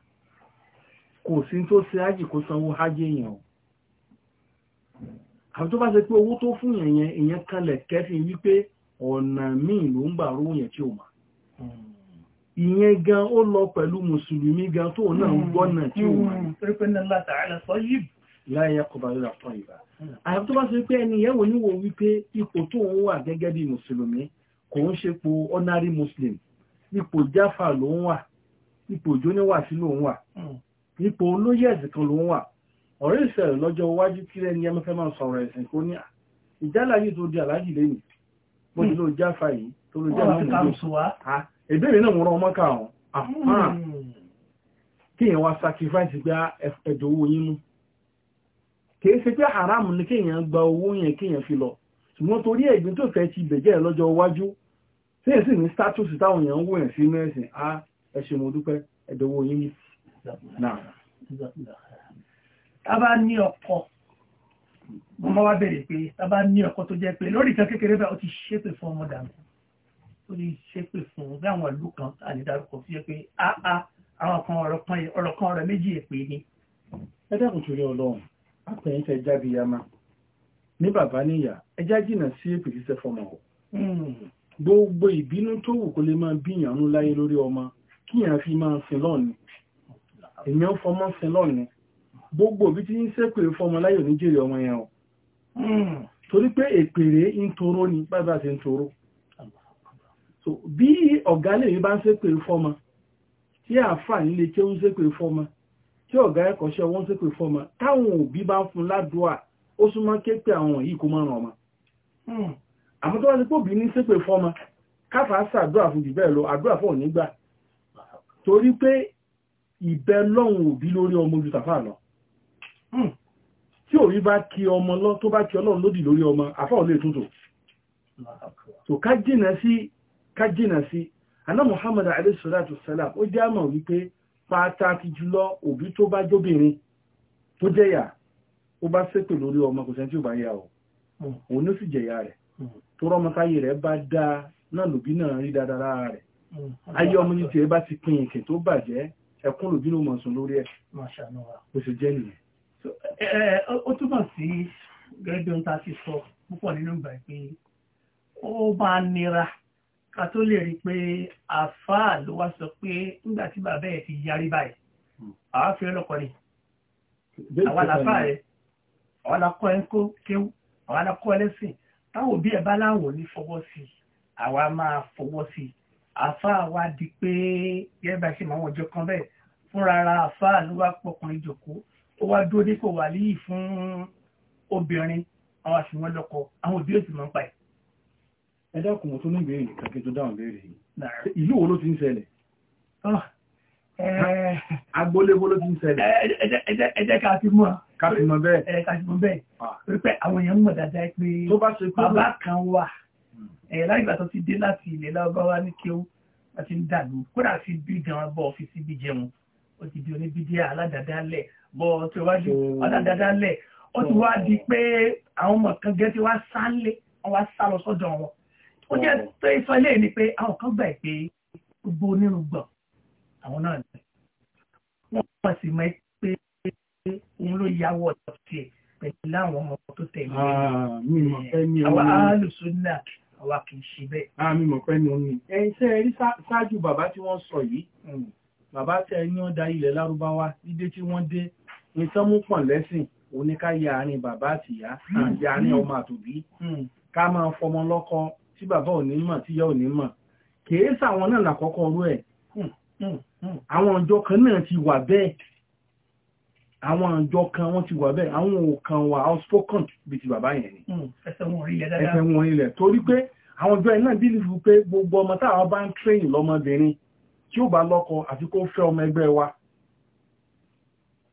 kò sí tó ṣe ájì kó sanwó ájé èèyàn àbí tó bá ṣe pé owó tó fún èèyàn èèyàn kalẹ̀ kẹfì wípé ọ̀nà míì ló ń gbà rówó yẹn tí ò máa ìyẹn gan ó lọ pẹ̀lú mùsùlùmí gan tó náà ń gbọ́nà tí ó mm. wà ní láyé kọbàlúwà tán ìbá. àyàfi tó bá sọ pé ẹni yẹ́wò níwò wípé ipò tó ń wà gẹ́gẹ́ bí mùsùlùmí kò ń ṣepò ordinary muslim ipò jáfà ló ń wà ipò jóníwàsí ló ń wà mm. ipò olóyè ẹ̀sìn kan ló ń wà ọ̀rẹ́ ìṣẹ̀lẹ̀ lọ́jọ́ iwájú kí ẹni ẹmọ fẹ́ máa sọ̀rọ̀ ẹ̀sìn kó ní ìjálàyé tó di àlájì lẹ́yìn bó ti mm. ló jáfà yìí tó ló jáfà yìí ìbéèrè náà mọ̀rọ̀ ọmọ káàkùn àhán ah, hmm. ah. kí èyàn wá sacrifice gbá ah, ẹ̀dọ̀ owó yínú kìí ṣe pé haram ní kí èyàn gba owó yẹn kí èyàn fi lọ ṣùgbọ́n torí ẹ̀gbìn tó fẹ́ ti bẹ̀jẹ́ lọ́jọ́ iwájú tí èyàn sì ní status táwọn èyàn ń wò yẹn sí mẹ́sìn á ẹ ṣé mo dúpẹ́ ẹ̀dọ̀ owó yínú tábà ní ọkọ mo máa wá bẹ̀rẹ̀ pé tábà ní ọkọ tó jẹ́ pé lórí ìkan kékeré bá ó ti ṣépè fún ọmọ dàmú ó ní ṣépè fún bí àwọn ìlú kan ànídàrúkọ fi ṣe pé áá àwọn kan ọ̀rọ̀ kan ọ̀rọ̀ méjì èpè ni. ẹ dákun torí Ọlọ́run àpẹyìn tẹ jáde yamá ní bàbá níyà ẹ já jìnnà sí èpè ṣíṣe fọmọ o. Hmm. gbogbo ìbínú tó wù kó lè máa bíyàn ń láyé lórí ọmọ kíyàn fi máa sin lọ́ọ̀ni èmi ó fọmọ sin lọ́ọ̀ni gbogbo òbí tí ń ṣépè fọmọ láyò níjèrè ọmọ yẹn o hmm. torí pé èpèrè ń toró ni bàbá ṣe ń toró so bí ọ̀gá lè bá ń ṣépè fọ́mọ tí àǹfààní lè ké ń ṣépè fọ́mọ tí ọ̀gá ẹ̀kọ́ṣẹ́ wọ́n ṣépè fọ́mọ táwọn òbí bá ń fún ládùúà ó súnmọ́ képe àwọn yìí kó máa ràn ọmọ hmm. àmọ́ tó wá sí pé òbí ní ṣépè fọ́mọ káfà sàdúrà fún jù bẹ́ẹ̀ lọ àdúrà fún ònígbà torí pé ìbẹ lọ́hùn òbí lórí ọmọ ojú tàfà lọ hmm. tí òbí bá kí ọmọ lọ tó bá kí ọlọ́run lódì lórí ọmọ àfà ò lè tuntò tó ká jìnà sí ká jìnà sí aná Muhammad alayhi salatu salam ó jẹ́ àmọ̀ wípé pàtàkì jùlọ òbí tó bá jóbìnrin tó jẹ́yà ó bá ṣépè lórí ọmọ kò sẹ́ńtì ò bá yà ọ́ hmm. òun ló sì jẹ̀yà rẹ̀ hmm. tó rọ́mọ táyé rẹ̀ bá dáa náà lòbí náà rí dáadáa lára rẹ̀ hmm. ayé ọmọ yìí tí bá ti pin ìkè tó bàjẹ́ ẹkún lòbí ló mọ̀ sùn lórí ẹ̀ kò sì jẹ́ nìyẹn. ó túbọ̀ sí gẹ́gẹ́ bí ohun tá a ti sọ púpọ̀ nínú ìgbà pé ó bá nira ká tó lè rí pé àfáà ló wá sọ pé nígbà tí bàbá ẹ̀ fi yarí báyìí hmm. àwa fi ọlọ́kọ ni àwa làfáà rẹ̀ àwa làkọ́ ẹ̀ ń kó kéwú àwa làkọ́ ẹlẹ́sìn táwọn òbí ẹ̀ bá láwọn ní fọwọ́ sí àwa máa fọwọ́ sí àfáà wa di pé yẹ́n bá ṣe máa wọ́n jọ kan bẹ́ẹ̀ fúnra àfáà ló wá pọkùnrin jòkó ó wá dúró dípò wàlíì fún obìnrin àwọn àṣìwọ́n lọ́kọ àwọn òbí òsì máa ń pa ẹ̀ ẹ̀dàkùn tó ní ìbéèrè kàkí tó dáhùn béèrè yìí ìlú wo ló ti ń ṣẹlẹ̀ ah, agbólébo ló ti ń ṣẹlẹ̀ ẹ̀jẹ̀ ká ti mọ̀ ká ti mọ̀ bẹ́ẹ̀ ẹ̀jẹ̀ ká ti mọ̀ bẹ́ẹ̀ ah. pípẹ́ àwọn èèyàn mọ̀ dáadáa pé bàbá kan wà hmm. láìgbà tó ti dé láti ilẹ̀ lọ́gọ́wá ní kí ó ti ń dàlú kódà sí bí gan bọ́ ọ́fíìsì bí jẹun ó ti di oníbídíà aládàádálẹ̀ bọ́ tí ó wájú aládàádálẹ̀ ó ti wá di pé àwọn ọmọ kan gẹ́ ti wá sálé wọ́n wá sá sọ́dọ̀ wọn ó jẹ́ tó ìsọ ilé ni pé àwọn kan gbà pé gbogbo onírun gbọ̀n àwọn náà ni wọ́n wọ́n sì mọ̀ pé òun ló yáwọ́ ọ̀tọ̀ tiẹ̀ pẹ̀lú àwọn ọmọ tó tẹ̀lé àwọn alùsùn náà àwa kì í ṣe bẹ́ẹ̀. àmì ah, mọ̀pẹ́ ni òun ni. ẹ̀yin tẹ́ ẹ rí ṣáájú bàbá tí wọ́n sọ yìí hmm. bàbá tẹ́ ẹ ní da ilẹ̀ lárúbáwá dídé tí wọ́n dé ní sánmú pọ̀n lẹ́sìn òun àárín bàbá àtìyá hmm. àti àárín ọmọ àtòbí hmm. ká máa fọmọ lọ́kọ tí bàbá ò ní mọ̀ tí yá ò ní mọ̀ kìí sàwọn náà làkọ́kọ́ rú ẹ̀ hmm, hmm, hmm. àwọn ọjọ́ kan náà ti wà bẹ́ẹ̀ àwọn ọjọ́ kan wọ́n ti wà bẹ́ẹ̀ àwọn òkan wà outspoken bí ti bàbá yẹn ni ẹsẹ̀ wọn ilẹ̀ torí pé àwọn ọjọ́ iná bí lùfù pé gbogbo ọmọ táwọn bá ń train lọ́mọbìnrin tí ó bá lọ́kọ àfi kó fẹ́ ọmọ ẹgbẹ́ wa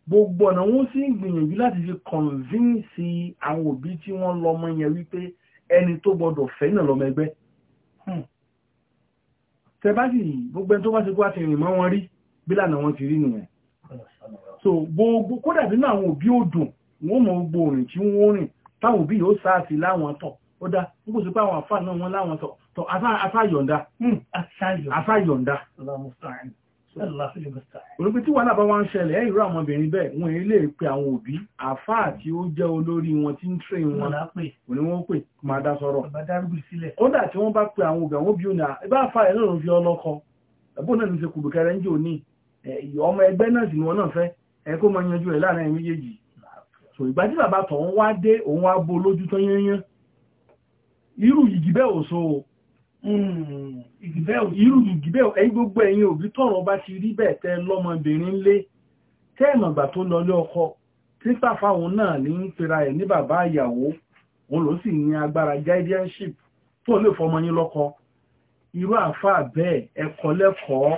gbogbo ọ̀nà wọn sì ń gbìyànjú láti fi convince àwọn òbí tí wọ́n lọ́mọ yẹn wípé ẹni tó gbọdọ̀ fẹ́ náà lọ́mọ ẹgbẹ́ hmm. tẹbátì gbogbo ẹni tó bá ti kó àti ìrìn mọ́ wọn rí bílànà wọn ti rí nìyẹn so gbogbo kódà nínú àwọn òbí òdùn wọn mọ gbogbo òrìn tí wọn rìn táwọn òbí yóò sáàtì láwọn tọ̀ ó dá n kò sí pé àwọn àfáà náà wọn láwọn tọ̀ hmm. àfáà yọ̀ǹda àfáà yọ̀ǹda olùpẹ̀ tí wà náà bá wá ń ṣẹlẹ̀ ẹ̀ ìró àwọn obìnrin bẹ́ẹ̀ wọn èyí lè pe àwọn òbí àfáà tí ó jẹ́ olórí wọn tí ń tírè wọn òní wọn pè máa dá sọ̀rọ̀ kódà tí wọ́n bá pe àwọn òbí àwọn òbí òní ìbá àfáà ẹ̀ náà fi ọlọ́kọ ẹ̀bùn náà ní ṣe kùbù kẹrẹ ń jò ní ọmọ ẹgbẹ́ náà sì ni wọn náà fẹ́ ẹ kó mọ yanjú ẹ̀ láàrin méjèèjì so ìgbà tí bàbá tọ̀ ń wá dé òun Hmm, irú ìgbẹ́ ẹ̀yìn gbogbo ẹ̀yin òbí tọ̀rọ̀ bá ti rí bẹ́ẹ̀ tẹ́ lọ́mọbìnrin lé tẹ́ẹ̀mọ̀gbà tó lọlé ọkọ títà fáwọn náà ní ń pera ẹ̀ ní bàbá ìyàwó òun ló sì ní agbára guardianship tó lè fọmọ yín lọ́kọ irú àáfàá bẹ́ẹ̀ ẹ̀kọ́ lẹ́kọ̀ọ́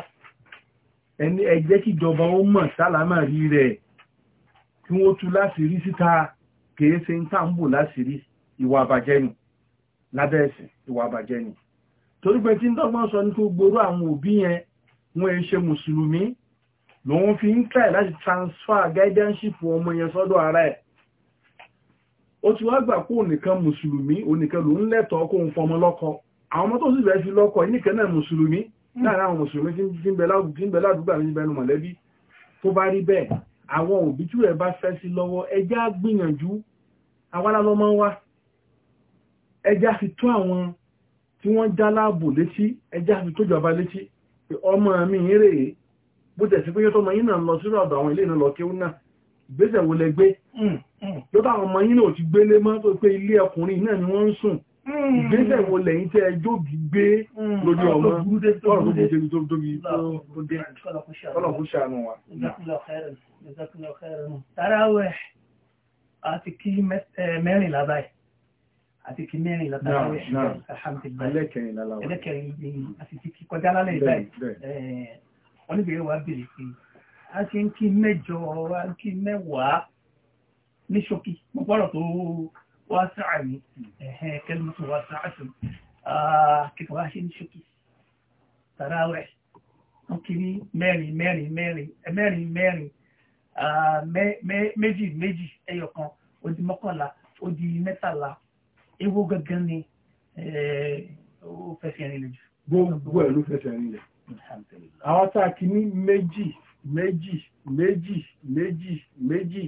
ẹni ẹgbẹ́ kíjọba ó mọ̀ sálámà rí rẹ̀ kí wọ́n tú láti rí síta kèé ń tàǹbù láti rí ìwà àbàjẹ́ nù lábẹ́ ẹ̀sìn ìwà àbàjẹ́ nù torí pé tí ń dọ́gbọ́n sọ ní tó gbòrò àwọn òbí yẹn wọ́n ẹ ṣe mùsùlùmí lòun fi ń tẹ̀ láti transfer guardianship ọmọ yẹn sọ́dọ̀ ara ẹ̀ ó ti wá gbà pé ònìkan mùsùlùmí ònìkan ló ń lẹ́tọ̀ọ́ kó ń fọmọ lọ́kọ àwọn ọmọ tó sì bẹ́ẹ̀ fi lọ́kọ ìníkan náà mùsùlùmí hmm. láàrin àwọn mùsùlùmí tí ń bẹ ládùúgbà ní ìbẹnu mọ̀lẹ́bí tó bá rí bẹ́ẹ̀ àwọn òbí tí rẹ̀ bá fẹ́ sí lọ́wọ́ ẹjá gbìyànjú awálálọ́mọ́ wá ẹjá fi tó àwọn tí wọ́n já láàbò létí ẹjá fi tó jọba létí pé ọmọ mi ń rè é bó tẹ̀ sí pé yóò tọmọ yín náà lọ sírò ọ̀dọ̀ àwọn ilé náà lọ kí ó náà ìgbésẹ̀ wo lẹ gbé yóò mm, mm. táwọn ọmọ yín náà ti gbélé mọ́ tó pé ilé ọkùnrin náà ni wọ́n ń sùn mm. ìgbésẹ̀ wo lẹ́yìn tẹ́ ẹjọ́ gbígbé lórí ọmọ tọ́lọ̀ àti kí mẹ́rin látàrí alhamdulillah ẹlẹ́kẹrin lálàwọ̀ ẹlẹ́kẹrin ni àti ti kí kọjá lálẹ́ ìbáyìí eh, oníbèrè wa bèrè pé a ṣe ń kí mẹ́jọ a ń kí mẹ́wàá ní ṣókí mo gbọ́dọ̀ tó wá sáà ní kẹ́lùmọ́ tó wá sáà tó kíkọ́ wá ṣe ní ṣókí tàràwẹ̀ wọ́n kí ní mẹ́rin mẹ́rin mẹ́rin eh, mẹ́rin mẹ́rin ah, méjì méjì ewo gangan ni o eh, fẹsẹ̀ rinlẹ̀ jù. gbogbo ẹ̀ ló fẹsẹ̀ rinlẹ̀. àwọn tá a kì ní méjì méjì méjì méjì méjì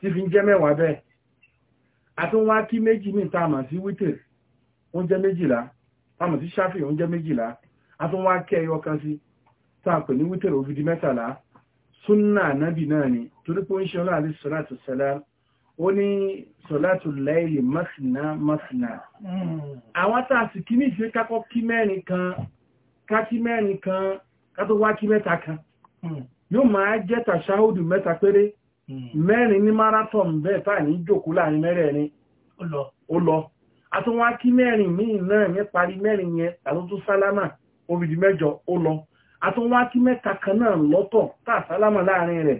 tí fi ń jẹ́ mẹ́wàá bẹ́ẹ̀ àtúnwá kí méjì ní ìta àmà sí wítìrì oúnjẹ méjìlá àmà sí ṣáfì oúnjẹ méjìlá àtúnwá kí ẹyọ kan sí táà pè ní wítìrì òfìdí mẹ́tàlá súnnà nábì náà ni torípé ó ń ṣe ọlọ́ àdìsọ́lá àtúnṣẹlá ó ní sọ̀látù láìlì masna masna àwọn tá a sì kí ní ìṣẹ́ kákọ́ kí mẹ́rin kan ká kí mẹ́rin kan ká tó wá kí mẹ́ta kan hmm. yóò máa jẹ́ tàṣáhùdù mẹ́ta péré hmm. mẹ́rin ní marathon bẹ́ẹ̀ tá ní jòkó láàrin mẹ́rẹ̀ẹ̀rin ó lọ àtúnwá kí mẹ́rin míì náà ní parí mẹ́rin yẹn tàlótú sálámà obìnrin mẹ́jọ ó lọ àtúnwá kí mẹ́ta kan náà lọ́tọ̀ tá sálámà láàrin rẹ̀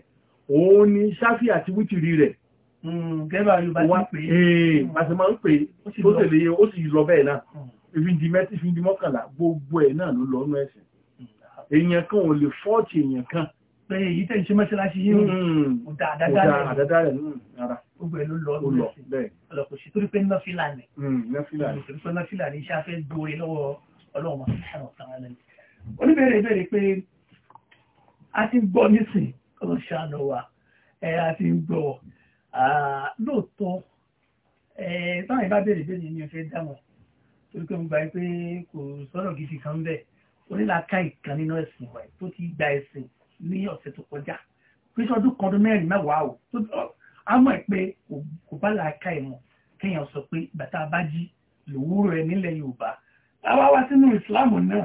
òun ni ṣáfì àti wítìrí rẹ̀ Mm, gẹ́gbà yóò bá pè é àti eh, máa ń pè é tó tẹ̀lé ó sì lọ bẹ́ẹ̀ náà ìfindi mm. mẹ́tí ìfindi mọ́kànlá gbogbo ẹ̀ náà ló lọ ọ́nà ẹ̀sìn èèyàn kan ò lè fọ́ọ̀tì èèyàn kan pé èyí tẹ̀ ń ṣe mọ́ṣáláṣí yìí ó mm. dá àdádá rẹ̀ rárá gbogbo ẹ̀ ló lọ ọ́nà ẹ̀sìn ọ̀lọ́kọ̀ sí torí pé nọ́fìlà ni nọ́fìlà ni iṣẹ́ afẹ́ dóore lọ́wọ́ ọlọ́run oníbẹ̀rẹ̀ ìbẹ̀rẹ̀ pé a ti ń a ti ń gbọ́ Ah, lóòótọ́ eh, táwọn ìbá bèrè bèrè ni o fẹ́ dá wọn torí pé mo gbà pé kò sọ̀rọ̀ gidi kan bẹ́ẹ̀ onílàáká ìkan nínú ẹ̀sìn wa tó ti gba ẹ̀sìn ní ọ̀sẹ̀ tó kọjá pé sọdún kan ọdún mẹ́rin mẹ́wàá o á mọ̀ pé kò bá làákà ìmọ̀ kéèyàn sọ pé bàtà bá jí lòwúrò ẹ̀ nílẹ̀ Yorùbá àwa wá sínú ìsìláàmù náà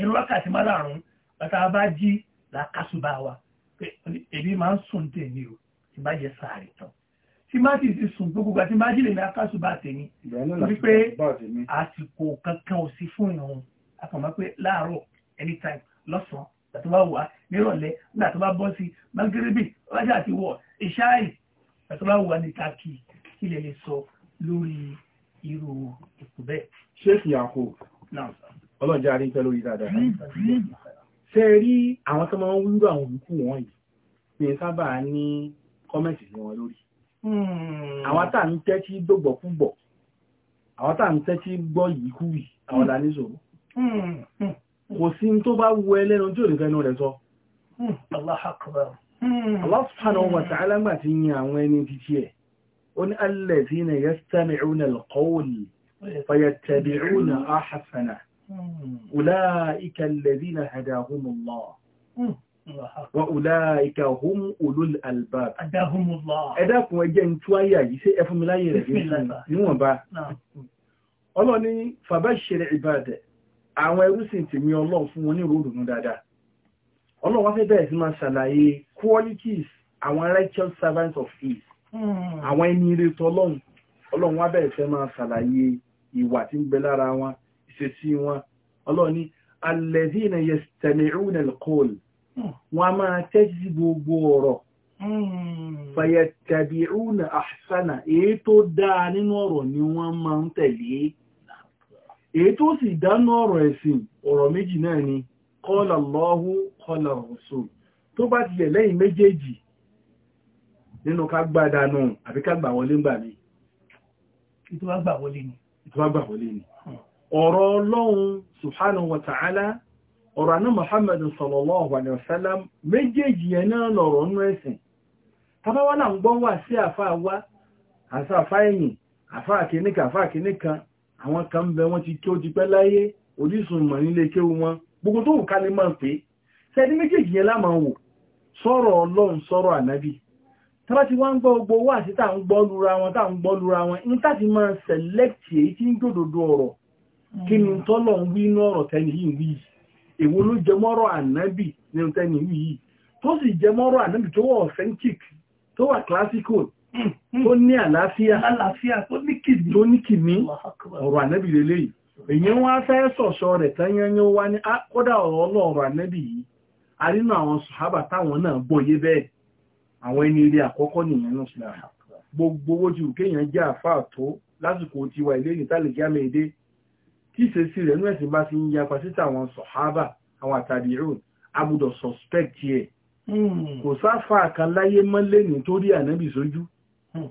ẹ̀rọ wákàtí márààrún bàtà bá jí làákàsùbà wa èmi máa ń sùn tèmi o tí bá jẹ sàárì tán tí má sì ti sùn gbogbo àti má jìlè ní akásù bá tèmi wípé àsìkò kankan ò sí fún ìrun akànmọ́ pé láàárọ̀ anytime lọ́sàn-án tàtó bá wà nírọ̀lẹ́ nígbà tó bá bọ́ sí magrebi ọlájà àti wọ̀ ìṣáì tàtó bá wà ní takì kí lè lè sọ lórí irú ètò bẹ́ẹ̀. ṣé kì í àkó ọlọ́jà rí pẹ́ lórí dáadáa hmm, hmm. ṣe rí àwọn tó máa ń wúrú àwọn olùkú wọ̀nyí pé sábà ní kọ́mẹ̀tì sí wọn lórí hmm. àwọn tá à ń tẹ́tí dògbọ̀ fún bọ̀ àwọn tá à ń tẹ́tí gbọ́ yìí kú yìí àwọn la sòrò hmm. Hmm. kò sí tó bá wu ẹlẹ́nu tí ò ní fẹ́nu rẹ̀ sọ Allah subhanahu wa gbà ti yin àwọn ẹni títí ẹ̀ ó ní allazina yastami'una al-qawl fayattabi'una ahsana ulaika allazina hadahumullah wa ulaika hum ulul albab ẹ dákun ẹ jẹ́ n tú àyà yìí ṣé ẹ fún mi láyè rẹ̀ níwọ̀nba ọlọ́ni fabashir ibadẹ àwọn ẹrúsìn tèmi ọlọ́run fún wọn ní ròdùnú dáadáa ọlọ́run wá fẹ́ bẹ̀rẹ̀ sí máa ṣàlàyé qualities àwọn righteous servants of his hmm. àwọn ẹni ire tọlọ́run ọlọ́run wá bẹ̀rẹ̀ fẹ́ máa ṣàlàyé ìwà tí ń bẹ lára wọn ìṣesí wọn ọlọ́run ní alladhina yastami'una wọn a máa tẹ́sí sí gbogbo ọ̀rọ̀ hmm. fayattabi'una ahsana èyí tó dáa nínú ọ̀rọ̀ ni wọ́n máa ń tẹ̀lé èyí tó sì dánú ọ̀rọ̀ ẹ̀sìn ọ̀rọ̀ méjì náà ni qala Allahu qala Rasul tó bá ti lẹ́yìn méjèèjì nínú ká gbà dànù àbí ká gbà wọlé ńgbà mi ìtọ́wà gbà wọlé ni ọ̀rọ̀ Ọlọ́run subhanahu wa ọ̀rọ̀ na Muhammad sallallahu alaihi wasallam méjèèjì yẹn náà lọ̀rọ̀ nú ẹ̀sìn tàbáwá náà ń gbọ́n wà sí àfá wá àṣà àfá ẹ̀yìn àfá àkíníkà àfá àkíníkà àwọn kan bẹ wọ́n ti kí ó ti pẹ́ láyé orísun mọ̀ nílé kéwu wọn gbogbo tó wù ká lè máa pé sẹ́ni méjèèjì yẹn láà máa wò sọ̀rọ̀ ọlọ́run sọ̀rọ̀ ànábì ti wá ń gbọ́ gbogbo wà sí tà ń gbọ́ lura wọn tà ń gbọ́ lura wọn ní tàbí máa èyí tí ń gbòdòdó ọ̀rọ̀ hmm. kí ni tọ́lọ̀ èwo ló jẹmọ́rọ̀ ànábì ni tẹ́ni yìí tó sì jẹmọ́rọ̀ ànábì tó wà authentic tó wà classical tó ní àlàáfíà tó ní kìíní ọ̀rọ̀ ànábì lélẹ́yìí èyàn wá fẹ́ sọ̀sọ̀ rẹ̀ wá ní ah, kódà ọlọ́ọ̀rọ̀ ànábì yìí a àwọn sàhábà táwọn náà bẹ́ẹ̀ àwọn gbogbo kéèyàn jẹ́ àfáà tó lásìkò tiwa ilé ìtàlẹ̀ tí ìṣesí rẹ̀ ní ẹ̀sìn bá ti ń yapa síta àwọn sọ̀hábà àwọn àtàbírùn agbọ́dọ̀ suspect yẹ hmm. kò sáfà kan láyé mọ́lé nítorí ànábì sójú hmm.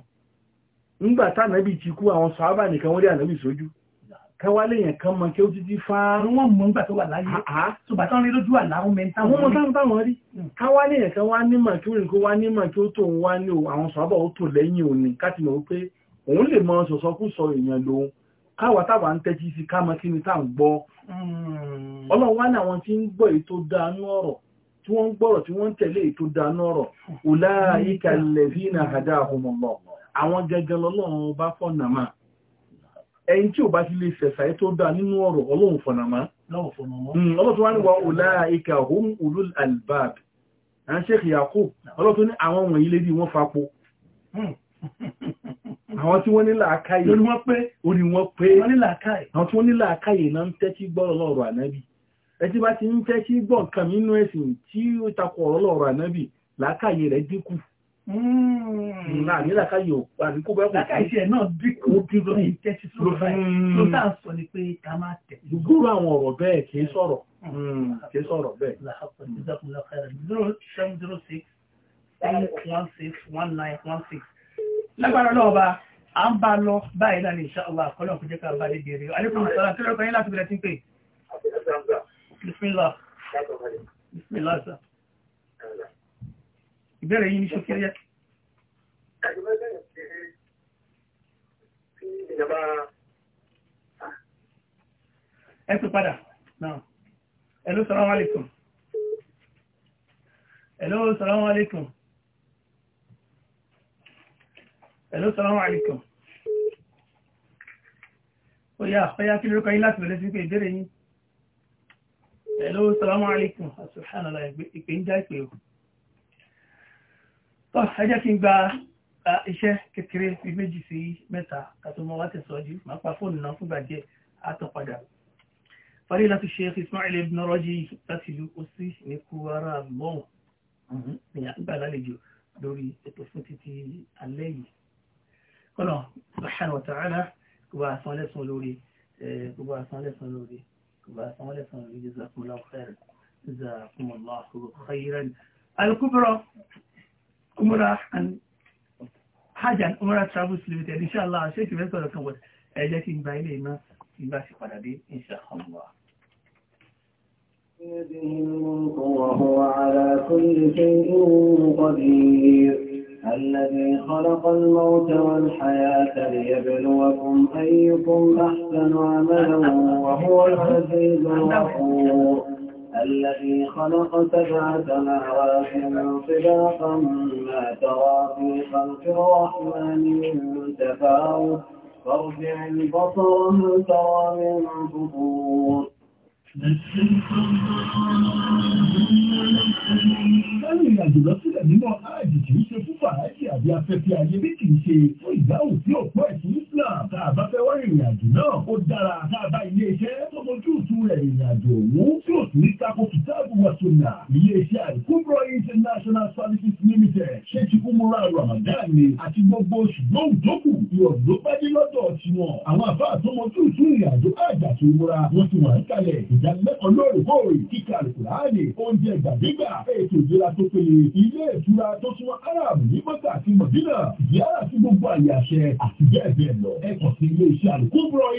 nígbà tánàbì ti kú àwọn sọ̀hábà nìkan wọ́n rí ànábì sójú kẹwàálé yẹn kan mọ kí ó títí fáá. wọ́n mọ̀ nígbà tó wà láyé ṣùgbà tán rí lójú àláwọn mẹ́ta wọn rí. wọ́n mọ̀ táwọn táwọn rí. káwàálé yẹn kan wá nímọ̀ kí ó rìn kó wá nímọ̀ kí ó tó ń wá ní àwọn sọ̀rọ̀ ó tò lẹ́yìn òní káti mọ̀ pé òun lè mọ sọ̀sọ́kú sọ èèyàn lòun káwà táwà ń tẹ́tí sí ká mọ́ kí ni tá ń gbọ́ hmm. ọlọ́run wá ní àwọn tí ń gbọ́ èyí tó dánú ọ̀rọ̀ tí wọ́n ń gbọ́rọ̀ tí wọ́n ń tẹ̀lé èyí tó dánú ọ̀rọ̀ ulaika allazina hadahumullah àwọn gẹ́gẹ́ lọ́lọ́run bá fọ́nà máa ẹni tí ò bá ti lè sẹ̀sà tó dá nínú ọ̀rọ̀ ọlọ́run fọ̀nà máa ọlọ́run hmm, tó wá ọlọ́run àwọn tí wọ́n ní làákàyè lórí wọ́n pé orí wọ́n pé wọ́n ní làákàyè àwọn tí wọ́n ní làákàyè náà ń tẹ́tí gbọ́ ọ̀rọ̀ ànábì ẹtí bá ti ń tẹ́tí gbọ́ nǹkan nínú ẹ̀sìn tí ó takò ọ̀rọ̀ ànábì làákàyè rẹ̀ dínkù hmm. làákàyè náà dínkù lágbára lọ́ọ̀ba à ń bá lọ báyìí lánàá insha Allah àkọlọ́ kò jẹ́ ká bá débi èrè alẹ́kùn sọ́lá kí lọ́kọ̀ yín láti bẹ̀rẹ̀ tí ń pè ìbéèrè yìí ní ṣókíyá ẹ tún padà náà Hello, salamu alaikum. Hello, salamu alaikum. Hello, salamu alaikum. Ó yá, ọ̀yá kí lórúkọ yín láti bẹ̀rẹ̀ sí pé ìbéèrè yín. Hello, salamu alaikum. Subhanallah ìpè ń já ìpè o. Tọ́, ẹ jẹ́ kí n gba iṣẹ́ kékeré bí méjì sí mẹ́ta kátó mọ́ wá tẹ̀sọ́jú. Màá pa fóònù náà fúngbà díẹ̀, á tán padà. Fadilatu Ismail ibn Raji láti ìlú Kosí ní Kúwárà Mọ́ọ̀. Mhmm, ìyá ń gbà lálejò lórí ètò fún títí alẹ́ yìí. kọ́nà subhanahu wa ta'ala kò bá san lẹ́sùn lórí kò bá san lẹ́sùn lórí kò bá san lẹ́sùn lórí jazakumullahu khairan jazakumullahu khairan al-kubra umrah and hajj and umrah travels limited inshallah ṣé ìfẹ́ sọ̀rọ̀ kan wọ̀ ẹ jẹ́ kí n gba ilé iná tí bá sì padà dé inshallah وهو على كل شيء قدير الذي خلق الموت والحياة ليبلوكم أيكم أحسن عملا وهو العزيز الغفور الذي خلق سبع سماوات طباقا ما ترى في خلق الرحمن من تفاوت فارجع البصر هل ترى من فطور بسم الله mímọ́ áàdì kì í ṣe fún fàájì àbí afẹ́fẹ́ ayé bí kì í ṣe fún ìdáhùn sí òpó ẹ̀sìn Islam tá a bá fẹ́ wá ìrìn àjò náà ó dára tá a bá ilé iṣẹ́ tó mojú tu rẹ̀ ìrìn àjò òun tí ò sì ní tako kìtáàbù wa sunna ilé iṣẹ́ àìkúrò International Services Limited ṣé ti kú múra Ramadan ni àti gbogbo ṣùgbọ́n òjòkù ìrọ̀dó pẹ́jẹ́ lọ́dọ̀ tiwọn àwọn àfáà tó mojú tu ìrìn àjò àjà tó múra wọ́n ti wà ń kalẹ̀ ìdánilẹ́kọ̀ọ́ lóòrèkóòrè kíkà àlùkùránì oúnjẹ ìgbàdégbà ètò ìlera tó péye ilé ìtura tó súnmọ́ arab ní mọ́tà àti mọ̀dínà ìyára sí gbogbo àyè àṣẹ àti bẹ́ẹ̀ bẹ́ẹ̀ lọ. ẹ kàn sí ilé iṣẹ́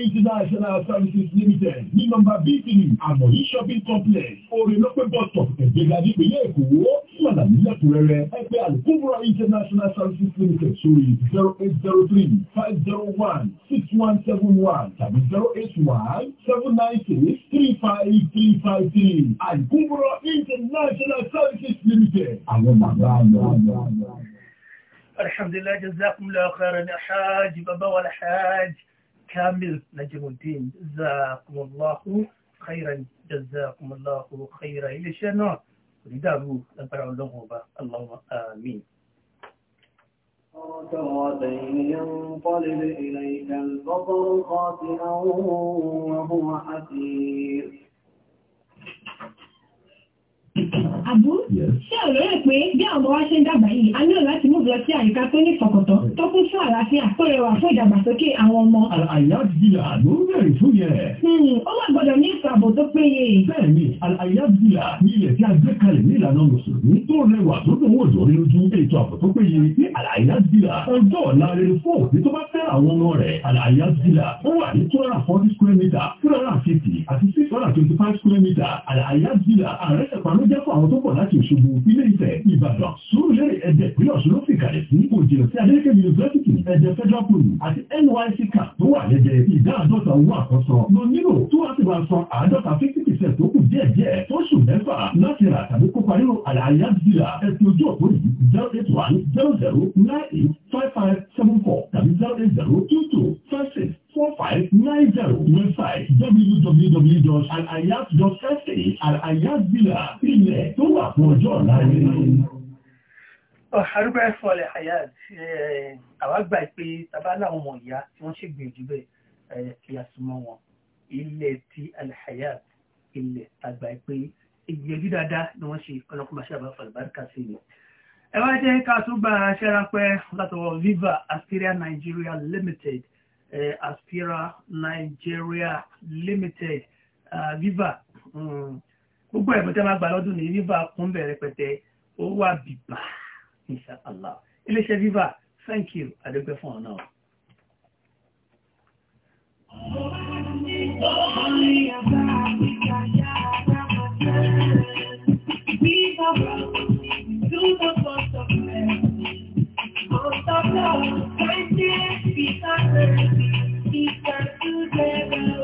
international services limited ní nọ́mbà btv àmọ̀yí shopping complex orin lọ́pẹ́ bus stop ẹ̀gbẹ́gà nípìnlẹ̀ èkó fún àlàyé lẹ́kùnrẹ́rẹ́ ẹ international services limited sórí zero eight zero three five zero one six one seven one tàbí zero eight one seven nine six three five three five three àlùkòbọ̀rọ̀ international services limited àwọn màmá. الحمد لله جزاكم الله خيرا يا حاج بابا والحاج كامل نجم الدين جزاكم الله خيرا جزاكم الله خيرا إلى شنو rídàrú ẹgbẹ̀rẹ̀ ọlọ́run اللهم امين ينقلب إليك البصر خاطئا وهو حسير Àbú, ṣé ọ̀rọ̀ rẹ̀ pé bí àwọn wa ṣe ń dàgbà yìí, a nílò láti mú lọ sí àyíká tó ní fọkàntán tó kún fún àlàáfíà tó rẹwà fún ìdàgbàsókè àwọn ọmọ. Àyà di àló bẹ̀rẹ̀ fún yẹn. Hmm, ó wà gbọ́dọ̀ ní ètò ààbò tó péye. Bẹ́ẹ̀ni, àyà di à ní ilẹ̀ tí a gbé kalẹ̀ ní ìlànà Mùsùlùmí tó rẹwà tó dùn wò lórí ojú ètò ààbò tó péye ní àyà di à. Ọjọ́ ọ̀la rere fún òbí tó bá fẹ́ àwọn ọmọ rẹ̀ àyà di à. Ó wà ní two hundred and forty square meter, two hundred and fifty àti six hundred and twenty five square meter àyà di ló jẹ́ fún àwọn tó pọ̀ láti Òṣogbo ilé Ifẹ̀ Ìbàdàn Sùúrùlérè Ẹdẹ ìpínlẹ̀ Ọ̀ṣun ló fi kalẹ̀ sí kò jìnnà sí Adélékè yunifásitì Ẹdẹ federal poli àti NYC cap tó wà lẹ́dẹ̀ ìdá àádọ́ta owó àkọ́sọ lọ nílò tó wá sí wa san àádọ́ta fifty percent tó kù díẹ̀díẹ̀ fóṣù mẹ́fà láti rà tàbí kópa nínú àlàyé àdìlà ẹ̀sìn ojú òpó yìí zero eight one zero zero nine eight five five seven four tàbí zero eight zero two two five six 4590. Website www.alayat.sa and Ayat Villa ilẹ̀ tó wà fún ọjọ́ ọ̀la rẹ̀. Àrúgbà ẹ̀fọ́ ọ̀lẹ̀ Ayat, àwa gbà pé tàbá láwọn ọmọ ìyá tí wọ́n ṣe gbìyànjú bẹ́ẹ̀ eh, kí a súnmọ́ wọn. Ilẹ̀ ti Al-Hayat, ilẹ̀ àgbà pé ìgbìyànjú dáadáa ni wọ́n ṣe ọlọ́kùnrin aṣáàbá fàlùbáríkà sí ni. Ẹ wá jẹ́ ká tún gba aṣẹ́ra pẹ́ látọwọ́ Viva Aspiria Nigeria Limited Aspira Nigeria Limited Viva hmm. gbogbo ẹ̀bùn tẹ́ máa gbà lọ́dún ní Viva kún bẹ̀rẹ̀ pẹ̀tẹ́ ó wà bìbà inshallah iléeṣẹ́ Viva thank you adúgbẹ́ fún ọ̀nà. thank you. Because, because together.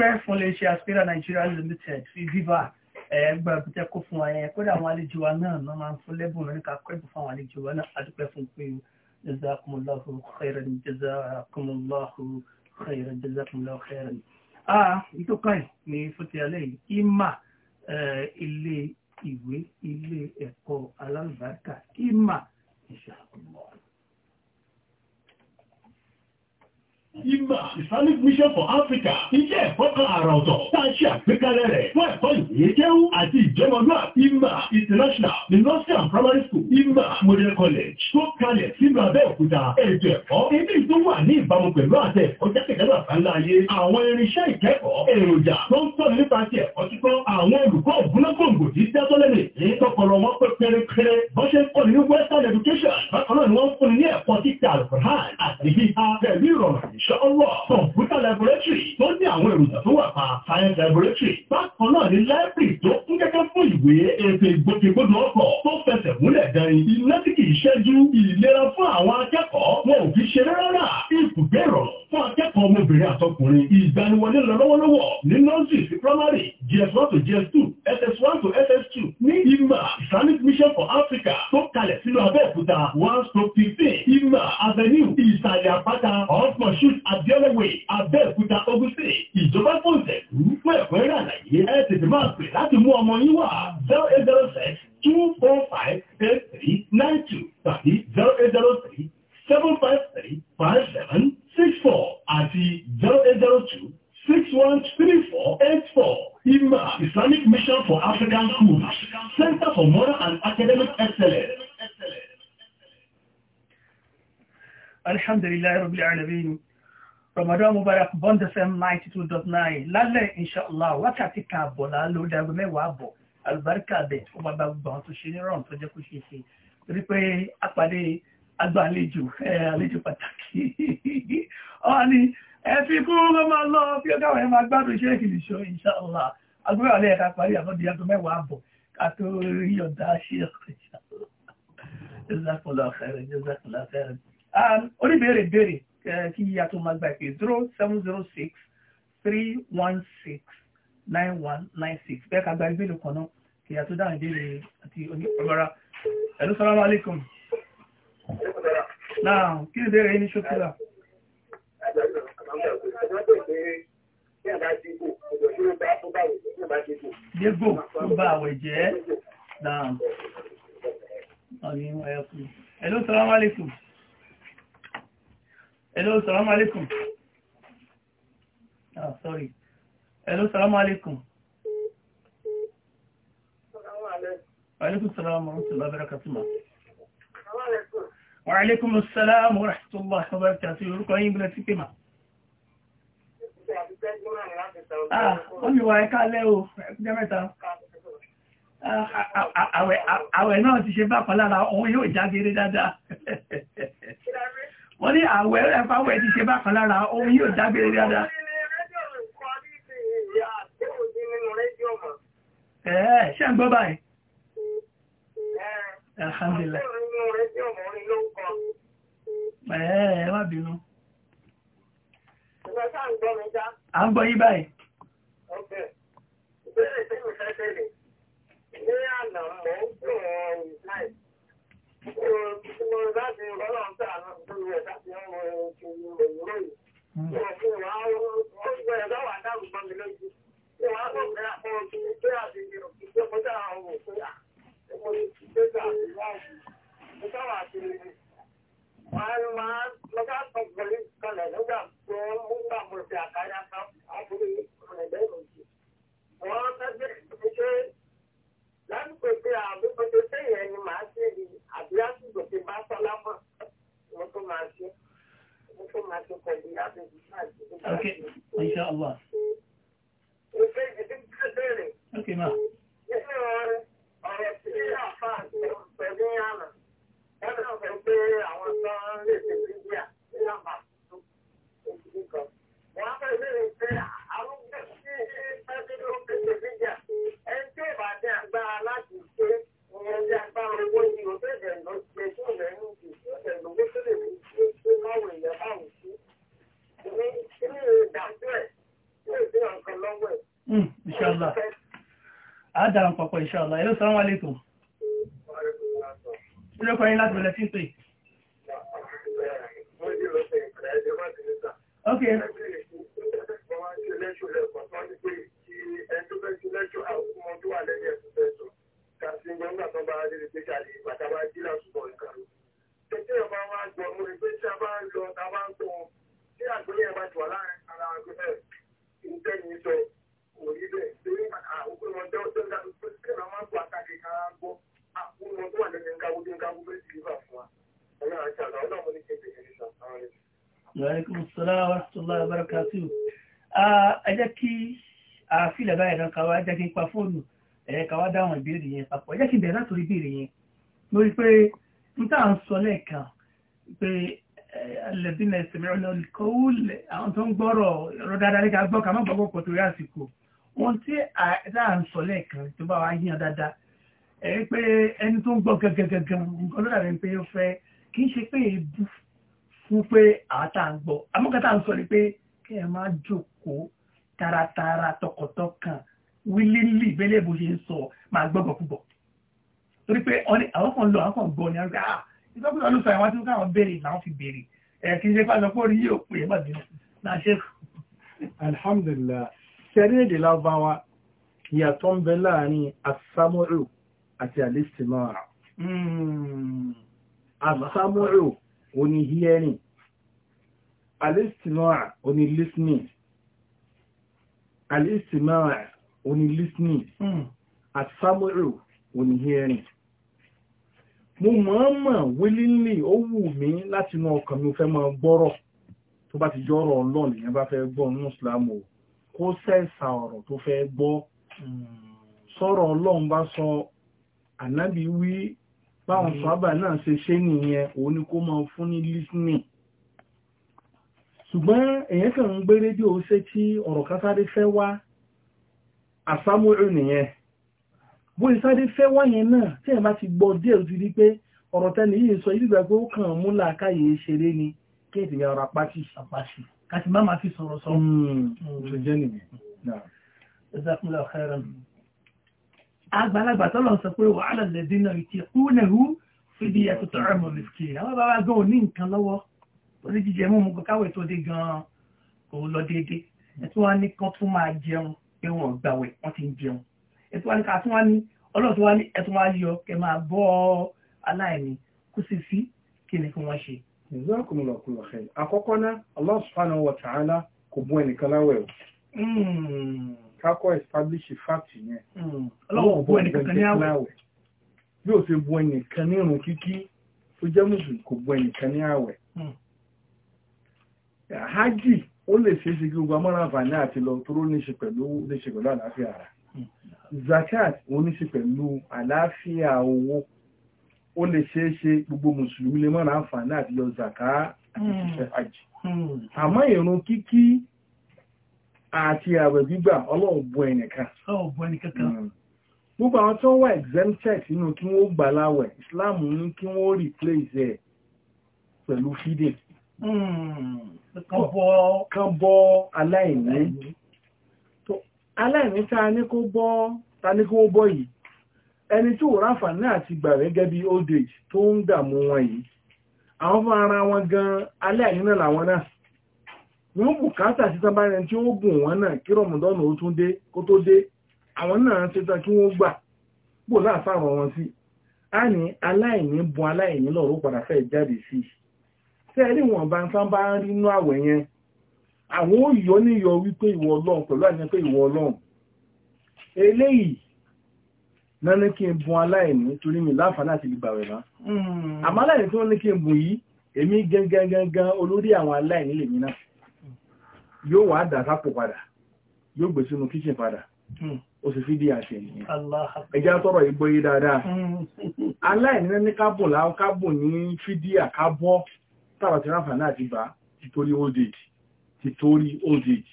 dúpẹ́ fún iléeṣẹ́ aspira nigeria limited fi viva ẹgbẹ́ àbútẹ́ kó fún wa yẹn kódà àwọn àlejò wa náà náà máa ń fún lẹ́bùn lórí ká kọ́ ẹ̀bùn fún àwọn àlejò wa náà a fún pé jazakumullahu khairan jazakumullahu khairan jazakumullahu khairan. a ìtòkàn ní fúti alẹ́ yìí ìmà ilé ìwé ilé ẹ̀kọ́ alálùbáríkà ìmà ìṣàkùnmọ́. Igba Islamic Mission for Africa iṣẹ́ ẹ̀kọ́ kan àrà ọ̀tọ̀ tá a ṣe àgbékalẹ̀ rẹ̀ fún ẹ̀kọ́ ìwé kéwú àti ìjọmọlúwà Igba International ní Nursery and Primary School Igba Model College tó kalẹ̀ sínú Abẹ́òkúta ètò ẹ̀kọ́ ilé tó wà ní ìbámu pẹ̀lú àtẹ ẹ̀kọ́ jákèjádò àbáńlá ayé àwọn irinṣẹ́ ìkẹ́kọ̀ọ́ èròjà tó ń tọ́ni nípa ti ẹ̀kọ́ kíkọ́ àwọn olùkọ́ ògúnlógòǹgò tí dátọ́lẹ́lẹ̀ ní tọkọlọ wọn pé pérépéré bọ́n Western Education bákan náà ni wọ́n ń fún ní ẹ̀kọ́ títà àlùkò inshallah computer laboratory tó ní àwọn èròjà tó wà pa science laboratory bákan náà ní library tó kún kẹ́kẹ́ fún ìwé ètò ìgbòkègbodò ọkọ̀ tó fẹsẹ̀ múlẹ̀ gan-an iná tí kì í ṣẹ́jú ìlera fún àwọn akẹ́kọ̀ọ́ wọn ò fi ṣeré rárá ibùgbé ìrọ̀rùn fún akẹ́kọ̀ọ́ ọmọbìnrin àtọkùnrin ìgbaniwọlé lọ lọ́wọ́lọ́wọ́ ní nọ́ọ̀sì sí primary gs1 to gs2 ss1 to ss2 ní ìmà islamic mission for africa tó kalẹ̀ sínú abẹ́òkúta one stroke fifteen ìmà avenue ìsàlẹ̀ àpáta off moshood abiolewe abẹ́òkúta ogun state ìjọba fún ìtẹ̀kú fún ẹ̀kúnrẹ́rẹ́ àlàyé ẹ tètè máa pè láti mú ọmọ yín wá zero eight zero six two four five eight three nine two tàbí zero eight zero three seven five three five seven six four àti zero eight zero two six one three four eight four ima islamic mission for african schools. alhamdulilayi rabbil alamin ramadan mubarak bond fm ninety two dot nine lálẹ́ inshallah wákàtí kan àbọ̀lá lórí aago mẹ́wàá àbọ̀ àlùbáríkà bẹ̀ ó máa bá gbogbo àwọn tó ṣe ní rọrùn tó jẹ́ kó ṣe ṣe torí pé àpàdé àgbà àlejò àlejò pàtàkì ọ̀ọ́ni ẹ fi kúrú ló máa lọ bí ó káwọn ẹ máa gbádùn iṣẹ́ ìkìlìṣọ́ inshallah agbóhùn àlẹ́ ẹ̀ka parí àkọ́dí aago mẹ́wàá àbọ̀ ká tó rí ọ̀dà ṣe ọ̀kọ̀ inshallah jazakallah khairan jazakallah khairan. Um, oníbèrè bèrè eh, kí yíya tó máa gba ìpè zero seven zero six three one six nine one nine six bẹ́ẹ̀ ká gba ìbéèrè kan náà kí yíya tó dáhùn ìbéèrè àti onípàgbára ẹ̀lú sàlámù aleykum. náà kí ni ìbéèrè yín ní ṣókílà. Dégbò tó bá àwẹ̀ jẹ́ náà. Ẹ̀lú sàlámù aleykum hello salam alaikum ah sorry hello salam alaikum wa alaikum salam wa rahmatullahi wa barakatuh wa alaikum salam wa rahmatullahi wa barakatuh orúkọ yín bílẹ̀ tí pèmà ah wọ́n mi wà ẹ̀ká lẹ́ o ẹ̀kújẹ́ mẹ́ta ah, àwẹ̀ náà ti ṣe bákan lára òun yóò jáde rí dáadáa wọ́n ní àwẹ̀ ẹfàwẹ̀ ti ṣe bákan lára ohun yóò dágbére dáadáa ẹ̀ẹ́ ṣe ń gbọ́ báyìí alhamdulillah ẹ̀ẹ́ wà bínú à ń gbọ́ yí báyìí Ní àná mọ̀ ń pè wọn ìsáì inshallah. Hello, assalamu alaikum. Ilé ọkọ̀ yín láti bẹ̀rẹ̀ tí ń pè. gbọ́ ká má gbọ́ pọ̀ torí àsìkò ohun tí àá ń sọ lẹ́ẹ̀kan tó bá wàá yíyan dáadáa ẹ pé ẹni tó ń gbọ́ gẹ́gẹ́gẹ́gẹ́ nǹkan ló dàbí pé ó fẹ́ kì í ṣe pé èébú fún pé àátà ń gbọ́ amúkàtà ń sọ ni pé kí ẹ má jókòó taratara tọkàntọkàn wílílì bẹ́lẹ̀ bó ṣe ń sọ máa gbọ́gbọ̀ púpọ̀ torí pé àwọn kan lọ àwọn kan gbọ́ ni àwọn gbà ah ìgbàgbọ́ ló sọ àwọn tí wọ́n káwọn béèrè làwọn fi béèrè ẹ̀ kì í ṣe pàṣẹ pé orí yóò pè é mọ̀ alhamdulillah ṣẹ́rẹ́ èdè lábáwá ìyàtọ̀ ń bẹ láàrin asámúrò àti alẹ́sìmára hmm. asámúrò oní hearing alẹ́sìmára oní listening alẹ́sìmára oní listening hmm. asámúrò oní hearing mo mọ̀ọ́mọ̀ willingly ó wù mí láti mọ ọkàn mi fẹ́ máa gbọ́rọ̀ tó bá ti jọ́rọ̀ ọlọ́ọ̀lù yẹn bá fẹ́ gbọ́ nínú ìsìlámù kó sẹ́ẹ̀sà ọ̀rọ̀ tó fẹ́ gbọ́ sọ̀rọ̀ ọlọ́run bá sọ ànábì wí báwọn mm. sọ́ábà náà ṣe ṣe nìyẹn òun ni kó máa fún ní listening ṣùgbọ́n èyàn kàn ń gbé rédíò ṣe tí ọ̀rọ̀ kan sáré fẹ́ wá àsámúrò nìyẹn bó ìsáré fẹ́ wá yẹn náà tí ẹ̀ bá ti gbọ́ díẹ̀ ti rí pé ọ̀rọ̀ tẹ́ni yìí sọ ìdìgbà pé ó kàn mú ṣeré ni kéèsì yẹn ọ̀rọ̀ apáṣì apáṣì kàtí má máa fi sọ̀rọ̀ sọ tó hmm. hmm. jẹ́ nìyẹn jazakumullahu khairan àgbàlagbà tọ́lọ̀ sọ pé wa ala alladhina yutiqunahu fidyatun ta'amu miskin àwọn bàbá gan ò ní nǹkan lọ́wọ́ orí jíjẹ mú mu káwé tó dé gan kò lọ déédé ẹtú wá ní kan tún máa jẹun pé wọn gbàwẹ̀ wọn jazakumullahu kullu khair àkọ́kọ́ náà Allah subhanahu wa ta'ala kò bú ẹnìkan láwẹ̀ o hmm. kákọ́ establish fact yẹn ọlọ́wọ́ hmm. bú ẹnìkan ní àwẹ̀ bí ó ṣe bú ẹnìkan ní irun kíkí tó jẹ́ mùsùlùmí kò bú ẹnìkan ní àwẹ̀ zakat ó ní ṣe pẹ̀lú àlàáfíà owó ó lè ṣeé ṣe gbogbo mùsùlùmí lè mọ́ra àǹfààní àti yọ zàká àti hmm. ṣiṣẹ́ àjì hmm. àmọ́ ìrun kíkí àti àwẹ̀ gbígbà ọlọ́run bu ẹnìkan hmm. gbogbo àwọn tó wà exempted nínú kí wọ́n gbà láwẹ̀ Islam ní kí wọ́n replace ẹ̀ pẹ̀lú feeding kan bọ́ aláìní aláìní ta ní kó bọ́ yìí ẹni tí ò ráǹfààní àti gbà rẹ̀ gẹ́gẹ́ bí old age tó ń dààmú wọn yìí àwọn fún ara wọn gan alẹ́ àyínà làwọn náà wọ́n bùkátà sí tábàrẹ tí ó gùn wọn náà kí rọmọdọ́nà ó tún dé kó tó dé àwọn náà ṣe tán kí wọ́n gbà bò láàfàrọ̀ wọn sí a ní aláìní bun aláìní lọ́rọ̀ padà fẹ́ jáde sí tẹ́ẹ̀rí wọn bá ń sábà rí inú àwẹ̀ yẹn àwọn ó yọ níyọ wípé ìwọ ọlọ́run pẹ̀lú àyẹ̀pẹ̀ ìwọ ọlọ́run eléyìí náà ní kí n bùn aláìní torí mi láǹfààní àti gbígbà rẹ̀ náà hmm. àmọ́ aláìní tí wọ́n ní kí n bùn yìí èmi gangan gangan olórí àwọn aláìní lèmi náà yóò wá dà sápò padà yóò gbé sínú kíchìn padà hmm. ó sì fi di àṣẹ yìí ẹjá tọrọ ìgbọ́ yìí dáadáa hmm. aláìní náà ní kábùn láwọn kábùn ní fídíà kábọ́ tàbàtì ráǹfààní àti gbà títorí old age títorí old age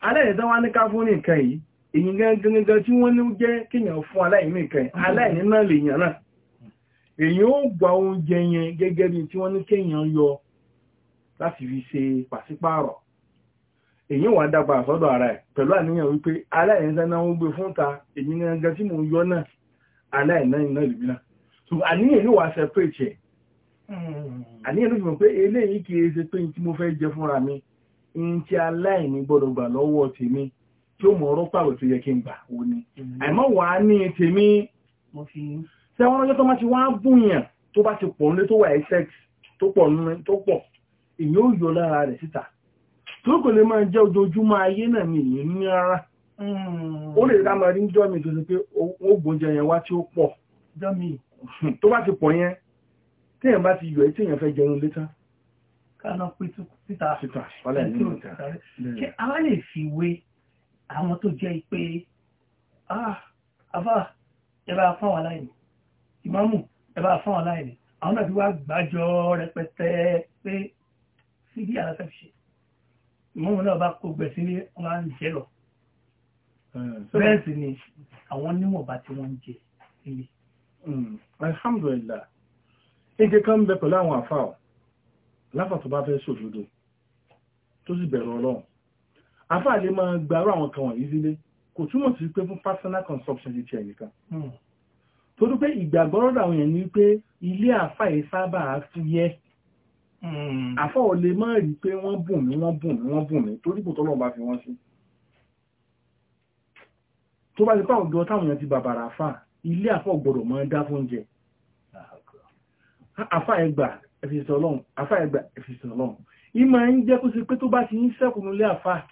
aláìní tán wá ní ká fún yìí èyí gangan tí wọ́n ní jẹ́ kíyàn fún aláìní nǹkan aláìní náà lè yàn náà èyí ó gba oúnjẹ yẹn gẹ́gẹ́ bí tí wọ́n ní kíyàn yọ láti fi ṣe pàṣípààrọ̀ èyí wà dàgbà sọ́dọ̀ ara ẹ̀ pẹ̀lú àníyàn wípé aláìní náà ń gbé fún ta èyí tí mò ń yọ náà aláìní náà lè mìíràn so àníyàn yóò wá separate ẹ̀ àníyàn ló fi mọ̀ pé eléyìí kì í ṣe pé ní tí mo fẹ́ jẹ fúnra mi ní ti aláìní gbọ́dọ̀ gbà lọ́wọ́ tèmi tí ó mọ̀ ọ̀rọ̀ pàwẹ̀ tó yẹ kí n gbà ó ní àìmọ́ wà á ní tèmi sẹ́wọ́n ọjọ́ tó má ti wá búyàn tó bá ti pọ̀ nílé tó wà sex tó pọ̀ nínú tó pọ̀ èyí ó yọ lára rẹ̀ síta tó kò lè máa jẹ́ ojoojúmọ́ ayé náà mi èyí ní rárá mm. ó lè dá máa rí ń jọ́ mi tó ṣe pé ó gbóúnjẹ yẹn wá tí ó pọ̀ tó bá ti pọ̀ yẹn téèyàn bá ti yọ ẹ́ téèyàn fẹ́ jẹun létá káná pé síta síta wálẹ̀ nínú ìta kí a lè fi wé àwọn tó jẹ́ pé ah afá ẹbá fáwọn aláìní ìmáàmù ẹbá fáwọn aláìní àwọn náà fi wá gbàjọ rẹpẹtẹ pé síbí àlàfẹ́ fi ṣe ìmáàmù náà bá kó gbẹ̀ sílé wọn á ń jẹ lọ hmm, bẹ́ẹ̀ sì ni àwọn níwọ̀nba tí wọ́n ń jẹ sílé. Hmm, alhamdulillah ike kan bẹ pẹ̀lú àwọn àfáà láfàtọ̀ bá fẹ́ ṣòdodo tó sì bẹ̀rù ọlọ́run afá lè máa gbàrú àwọn kan wọ̀nyí sílé kò túmọ̀ sí pé fún personal consumption ti tiẹ̀ nìkan hmm. torí pé ìgbàgbọ́ rọ́dọ̀ àwọn èèyàn ni pé ilé àfá yìí sábà fúyẹ́ hmm. àfá ò lè má rí pé wọ́n bùn mí wọ́n bùn mí wọ́n bùn mí torí kò tọ́lọ́ bá fi wọ́n sí tó bá ti pàwọn ọ̀dọ́ táwọn èèyàn ti bàbàrà àfá ilé àfá ọ̀gbọ̀dọ̀ mọ́ dá fún oúnjẹ àfá ẹgbà ẹ̀fìsọ̀lọ́hùn àfá ẹgbà ẹ̀fìsọ̀lọ́hùn ìmọ̀ ń jẹ́ kó sí pé tó bá ti ń sẹ́kùnlé àfá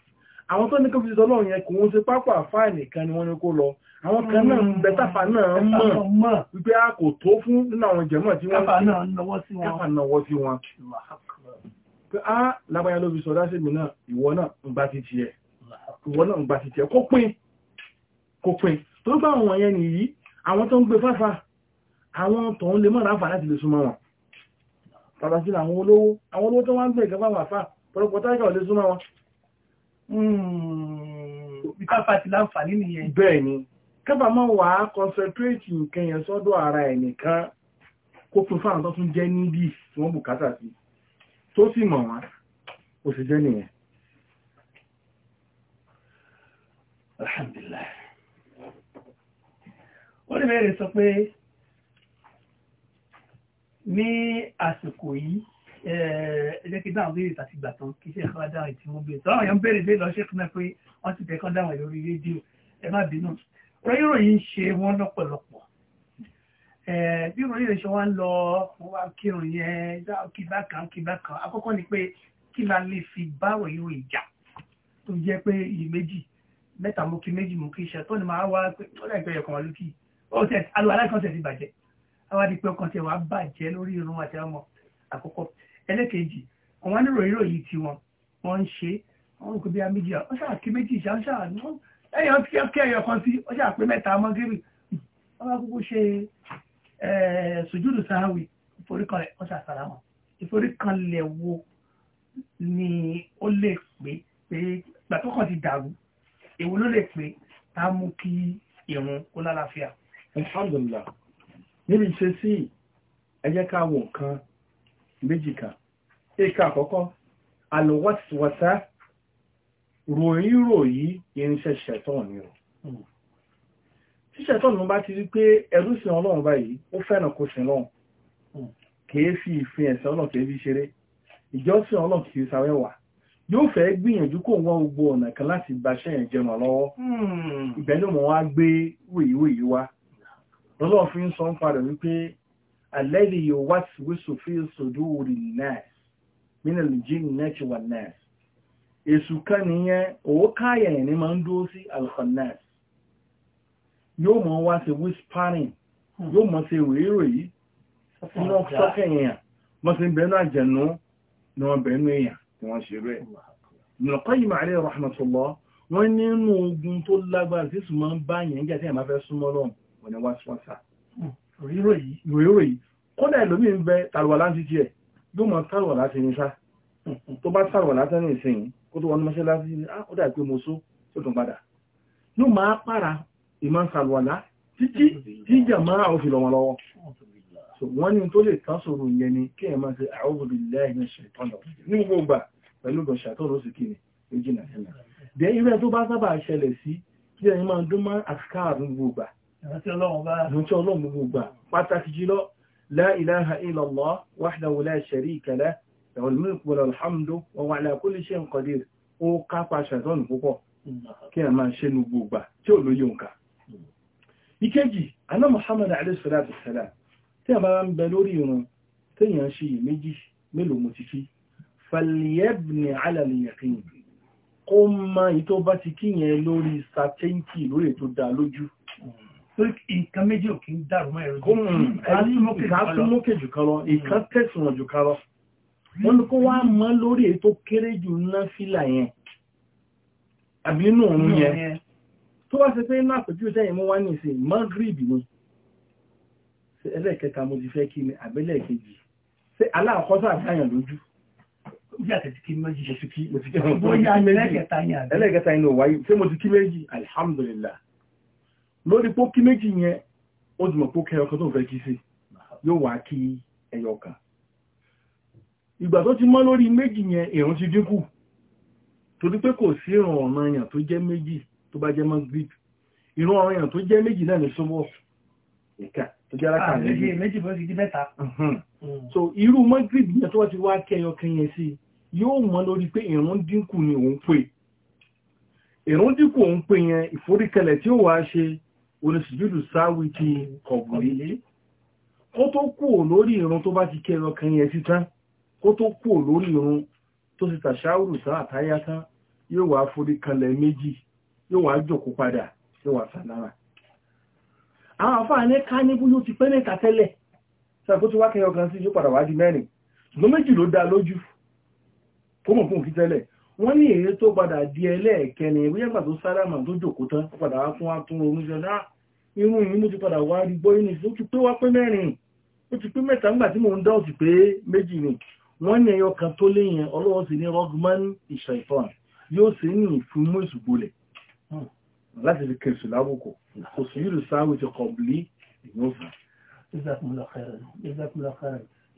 àwọn tó ní kó fi ṣe yẹn kò ń ṣe pápá àfáà nìkan ni wọ́n ní kó lọ àwọn kan náà ń bẹ táfà náà mọ̀ wípé a kò tó fún nínú àwọn jẹ̀mọ̀ tí wọ́n káfà náwọ́ sí wọn pé a lábáyá ló fi sọ̀dá sí mi náà ìwọ náà ń gbá ti tiẹ̀ ìwọ náà ń gbá ti tiẹ̀ kó pín kó ìkápàtì láǹfààní nìyẹn. bẹ́ẹ̀ ni kábà máa wà á concentrate nǹkan yẹn sọ́dọ̀ ara ẹ̀ nìkan kó tún fáwọn tó tún jẹ́ níbi tí wọ́n bùkátà sí tó sì mọ̀ wá ó sì jẹ́ nìyẹn. alhamdulillah ó lè bẹ̀rẹ̀ sọ pé ní àsìkò yìí Eh, ẹ̀ẹ́dẹ́kí dáhùn léèrè tàti gbà tán kí iṣẹ́ ìkọ́lá dáhùn tí wọ́n gbé tọ́ àwọn èèyàn bẹ̀rẹ̀ bẹ́ẹ̀ lọ ṣe fún ẹ pé wọ́n ti tẹ̀kọ́ dáhùn lórí rédíò ẹ má bínú ròyìnròyìn ṣe wọ́n lọ́pọ̀lọpọ̀ eh, bí ròyìn rẹ̀ ṣe wá ń lọ wá kírun yẹn kíbá kan kíbá kan àkọ́kọ́ ni pé kí la lè fi bá ròyìnròyìn jà tó jẹ́ pé iye méjì mẹ́ta mú kí méjì mú kí iṣẹ́ tó ní máa wá pé ó lẹ́gbẹ̀ẹ́ ọkàn wọn lókì alùpàdé kan tẹ̀ ti bàjẹ́ àwọn àdìpẹ́ ọkàn tẹ̀ wá bàjẹ́ lórí irun àti ọmọ àkọ́kọ́ ẹlẹ́kejì àwọn oníròyìn ròyìn tí wọn wọ́n ń ṣe àwọn òkú bíi amídíà wọ́n ṣáà kí méjì ṣáà ṣáà ẹ̀yàn kí ọkẹ́ ẹ̀yọ̀ kan sí wọ́n ṣáà pé mẹ́ta mọ́gírì wọ́n bá kúkú ṣe sùjúdù sáháwì ìforíkanlẹ̀ wọ́n ṣáà sàlámà ìforíkanlẹ̀ wo ni ó lè pé pé gbàtọ́kàn ti dàrú èwo ló lè pé tá a mú kí ìrun kó lálàáfíà. alhamdulilah níbi ìṣesí ẹ jẹ́ ká wọ̀ kan méjìká ìka àkọ́kọ́ alùwọ́síwọ́sá ròyìn ròyìn irinṣẹ́ ṣẹ̀tọ́n ni o hmm. tí ṣẹ̀tọ́n bá ti rí pé ẹrú sin ọlọ́run báyìí ó fẹ́ràn kó sin lọ́run hmm. kìí fi ìfin ẹ̀sìn ọlọ́run kìí fi ṣeré ìjọsìn ọlọ́run kìí sawẹ́wà yóò fẹ́ gbìyànjú kó wọ́n gbogbo ọ̀nà kan láti gbaṣẹ́ yẹn jẹun lọ́wọ́ ìbẹ́lẹ̀ hmm. wọn wá gbé wèyíwèyí wá lọ́lọ́run fi ń sọ ń padà wípé alẹ́lì yóò wá síwísù fi sòdó orí náà nínú ìjìn náà wà náà èsù kan nìyẹn òwò káyà ẹ̀ ní máa ń dúró sí alkhanas yóò mọ̀ wá sí whispering yóò mọ̀ sí ìwéèrò yìí sínú sọ́kẹ̀ èèyàn wọ́n sì ń bẹ̀ẹ́nú àjẹ̀nú ni wọ́n bẹ̀ẹ́nú èèyàn tí wọ́n ṣe rẹ̀ nùkọ́ yìí màálẹ̀ rahmatullah wọ́n nínú ogun tó lágbára tí sùn máa ń bá yẹn jẹ́ tí ẹ̀ súnmọ́ lọ́wọ́ wọ́n ni wá sí wọ́n sáà ìwé ìròyìn kódà ẹlòmí ń bẹ tàlùwà láti tiẹ̀ yóò máa tàlùwà láti ní sá tó bá tàlùwà láti ní ìsìn kó tó wọnú mọ́ṣẹ́ láti ní àkódà pé mo só tó tún padà yóò máa pàrà ìmọ̀ tàlùwà lá títí tí ìjà máa ò fi lọ́wọ́ lọ́wọ́ wọ́n ní tó lè tán sọ̀rọ̀ yẹn ni kí ẹ máa ṣe a'udhu billahi minash shaitanir rajim ní gbogbo gbà pẹ̀lú ìgbọ̀nsẹ̀ àtọ́rọ̀ sì kí ni èjì nàìjíríà. dẹ́ irú ẹ tó bá sábà ṣẹlẹ̀ sí kí ẹ̀yin máa ìrántí ọlọ́run gbogbo gbà pàtàkì jùlọ la ilaha illallah wahdahu la sharika lah lahul mulku wa lahul hamdu wa huwa ala kulli shay'in qadir ó kápá ṣàtọ́nù púpọ̀ kí a máa ṣe ní gbogbo gbà tí ò lóye òǹkà ìkejì aná Muhammad alayhi salatu wassalam tí a bá ń bẹ lórí ìrun téèyàn ṣe méjì kó máa yìí bá ti kíyàn lórí sàtẹ́ǹtì lórí ètò dá lójú nǹkan méjì ò kí ń dàrú mọ́ ẹ̀rọ ìkàtúmọ́kè jù kan lọ hmm. ìkan tẹ̀sùn jù kan lọ wọ́n ní kó wá mọ́ lórí èyí tó kéré jù ná fílà yẹn àbí inú òun yẹn tó wá ṣe pé iná àpèjú sẹ́yìn mú wá ní ìsìn Maghrib ni ẹlẹ́ẹ̀kẹta mo ti fẹ́ kí ni àbẹ́lẹ̀ kejì ṣé aláàkọ́sọ àbáyàn lójú ẹlẹ́ẹ̀kẹta yẹn ò wáyé ṣé mo ti kí méjì alhamdulillah lórí pókí méjì yẹn ó ti mọ̀ pókí ẹyọkan tó fẹ́ kí sí yóò wá kí ẹyọkan ìgbà tó ti mọ́ lórí méjì yẹn ìrun ti dínkù torí pé kò sí ìrun ọ̀ràn yàn tó jẹ́ méjì tó bá jẹ́ magrib ìrun ọ̀ràn yàn tó jẹ́ méjì náà ní sọ́wọ́ ìkà tó jẹ́ alákà ah, méjì bó ti di mẹ́ta hmm. so irú magrib yẹn tó wá ti wá kẹyọ kẹyẹn sí yóò mọ́ lórí pé ìrun dínkù ni òun pè ìrun dínkù òun pè yẹn ìforíkẹlẹ̀ tí ó wá ṣe oníṣìjúdù sáwì ti kọ̀bù ilé kó tó kú lórí ìrun tó bá ti kẹrọ kan yẹn sí tán kó tó kú lórí ìrun tó ti tàṣáwùrù sá àtáyá tán yóò wá forí kanlẹ̀ méjì yóò wá jòkó padà yóò wá sàlára àwọn àfáà ní ká níbú yóò ti pẹ́ nẹ́ta tẹ́lẹ̀ sàkó tí wá kẹrọ kan sí yóò padà wá di mẹ́rin ṣùgbọ́n méjì ló dá lójú kó mọ̀ fún òfin tẹ́lẹ̀ wọ́n ní èrè tó padà di ẹlẹ́ẹ̀kẹ́ni ìwé ẹgbà tó sálámà tó jòkó tán padà wá fún wa tún oníṣẹ́ náà irú yìí mo ti padà wá rí gbọ́ yìí nìyí ó ti pé wá pé mẹ́rin ó ti pé mẹ́ta nígbà tí mò ń dá òsì pé méjì ni wọ́n ní ẹyọ kan tó léyìn ọlọ́wọ́ sí ní rogman ìṣàìfọ́n yóò sì ní ìfúnmú ìṣùgbọ́lẹ̀ hmm. láti fi kẹsù lábùkù kò sí yìí sáwé ti kọ̀bùlí ìgbófà.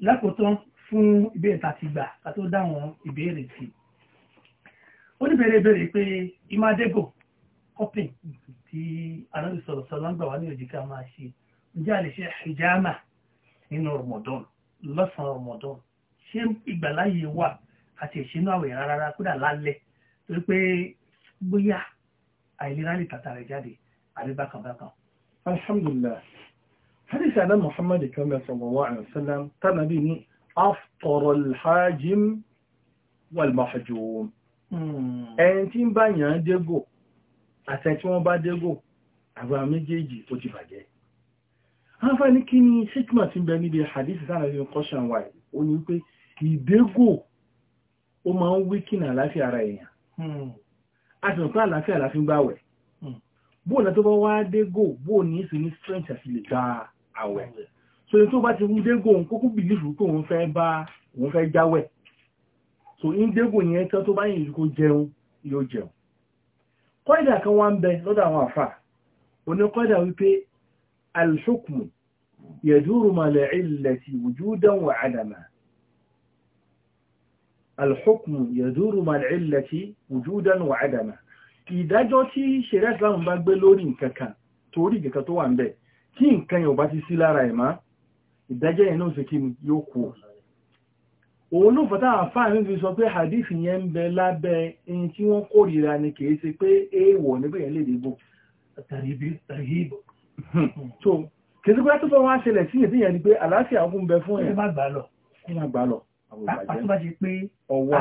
lákòótán fún ìbéèrè tá a ti gbà ká tó dáwọn ìbéèrè sí i ó ní bẹ̀rẹ̀ bẹ̀rẹ̀ pé imadego copin tí anábì sọ̀rọ̀ sọ̀rọ̀ ń gbà wá ní òjì ká máa ṣe ǹjẹ́ a lè ṣe hijama nínú Ramadan lọ́sàn-án Ramadan ṣé ìgbàláyè wà àti ìṣínú àwẹ̀ rárá kódà lálẹ́ torí pé bóyá àìlera lè tàtà rẹ̀ jáde àbí bákan bákan. alhamdulillah hadith adam muhammad kamil sallallahu alaihi wasallam tanabi ni aftara alhajim wal hmm. ẹni tí ń bá yàn án dégò àṣẹ tí wọ́n bá dégò àgbà méjèèjì ó ti bàjẹ́ àǹfààní kí ni hikma ti ń bẹ níbi hadith sára fi kọ́ṣàn wà ó ní pé ìdégò ó máa ń wíkìnà àláfíà ara hmm. la fi ń gbàwẹ̀ hmm. bó ní tó bá wá dégò bó hmm. so ní tó bá ti ń dégò òun kókó bìlífù so ń dégò yẹn tán tó bá jẹun kọ́ìdà kan wá ń bẹ lọ́dọ̀ àwọn àfà oní kọ́ìdà wípé alhukmu yaduru mal illati wujudan wa adama alhukmu yaduru mal illati wujudan wa adama ìdájọ́ tí ṣẹ̀rẹ́ islam bá gbé lórí nǹkan kan torí nǹkan tó wà ń bẹ kí nǹkan yóò bá ti sí lára ẹ̀má ìdájọ́ yẹn náà òun ló fọ́tá àǹfààní fi sọ pé hadith yẹn ń bẹ lábẹ́ in tí wọ́n kórìíra ni kìí ṣe pé èèwọ̀ níbẹ̀ yẹn lè dìbò tàríbí tàríbò so kìí ṣe pé tó bá wá ṣẹlẹ̀ sí yẹn tí yẹn ni pé àlàáfíà ọkùn ń bẹ fún yẹn. ó má gbà lọ ó má gbà lọ. pàápàá tó bá ṣe pé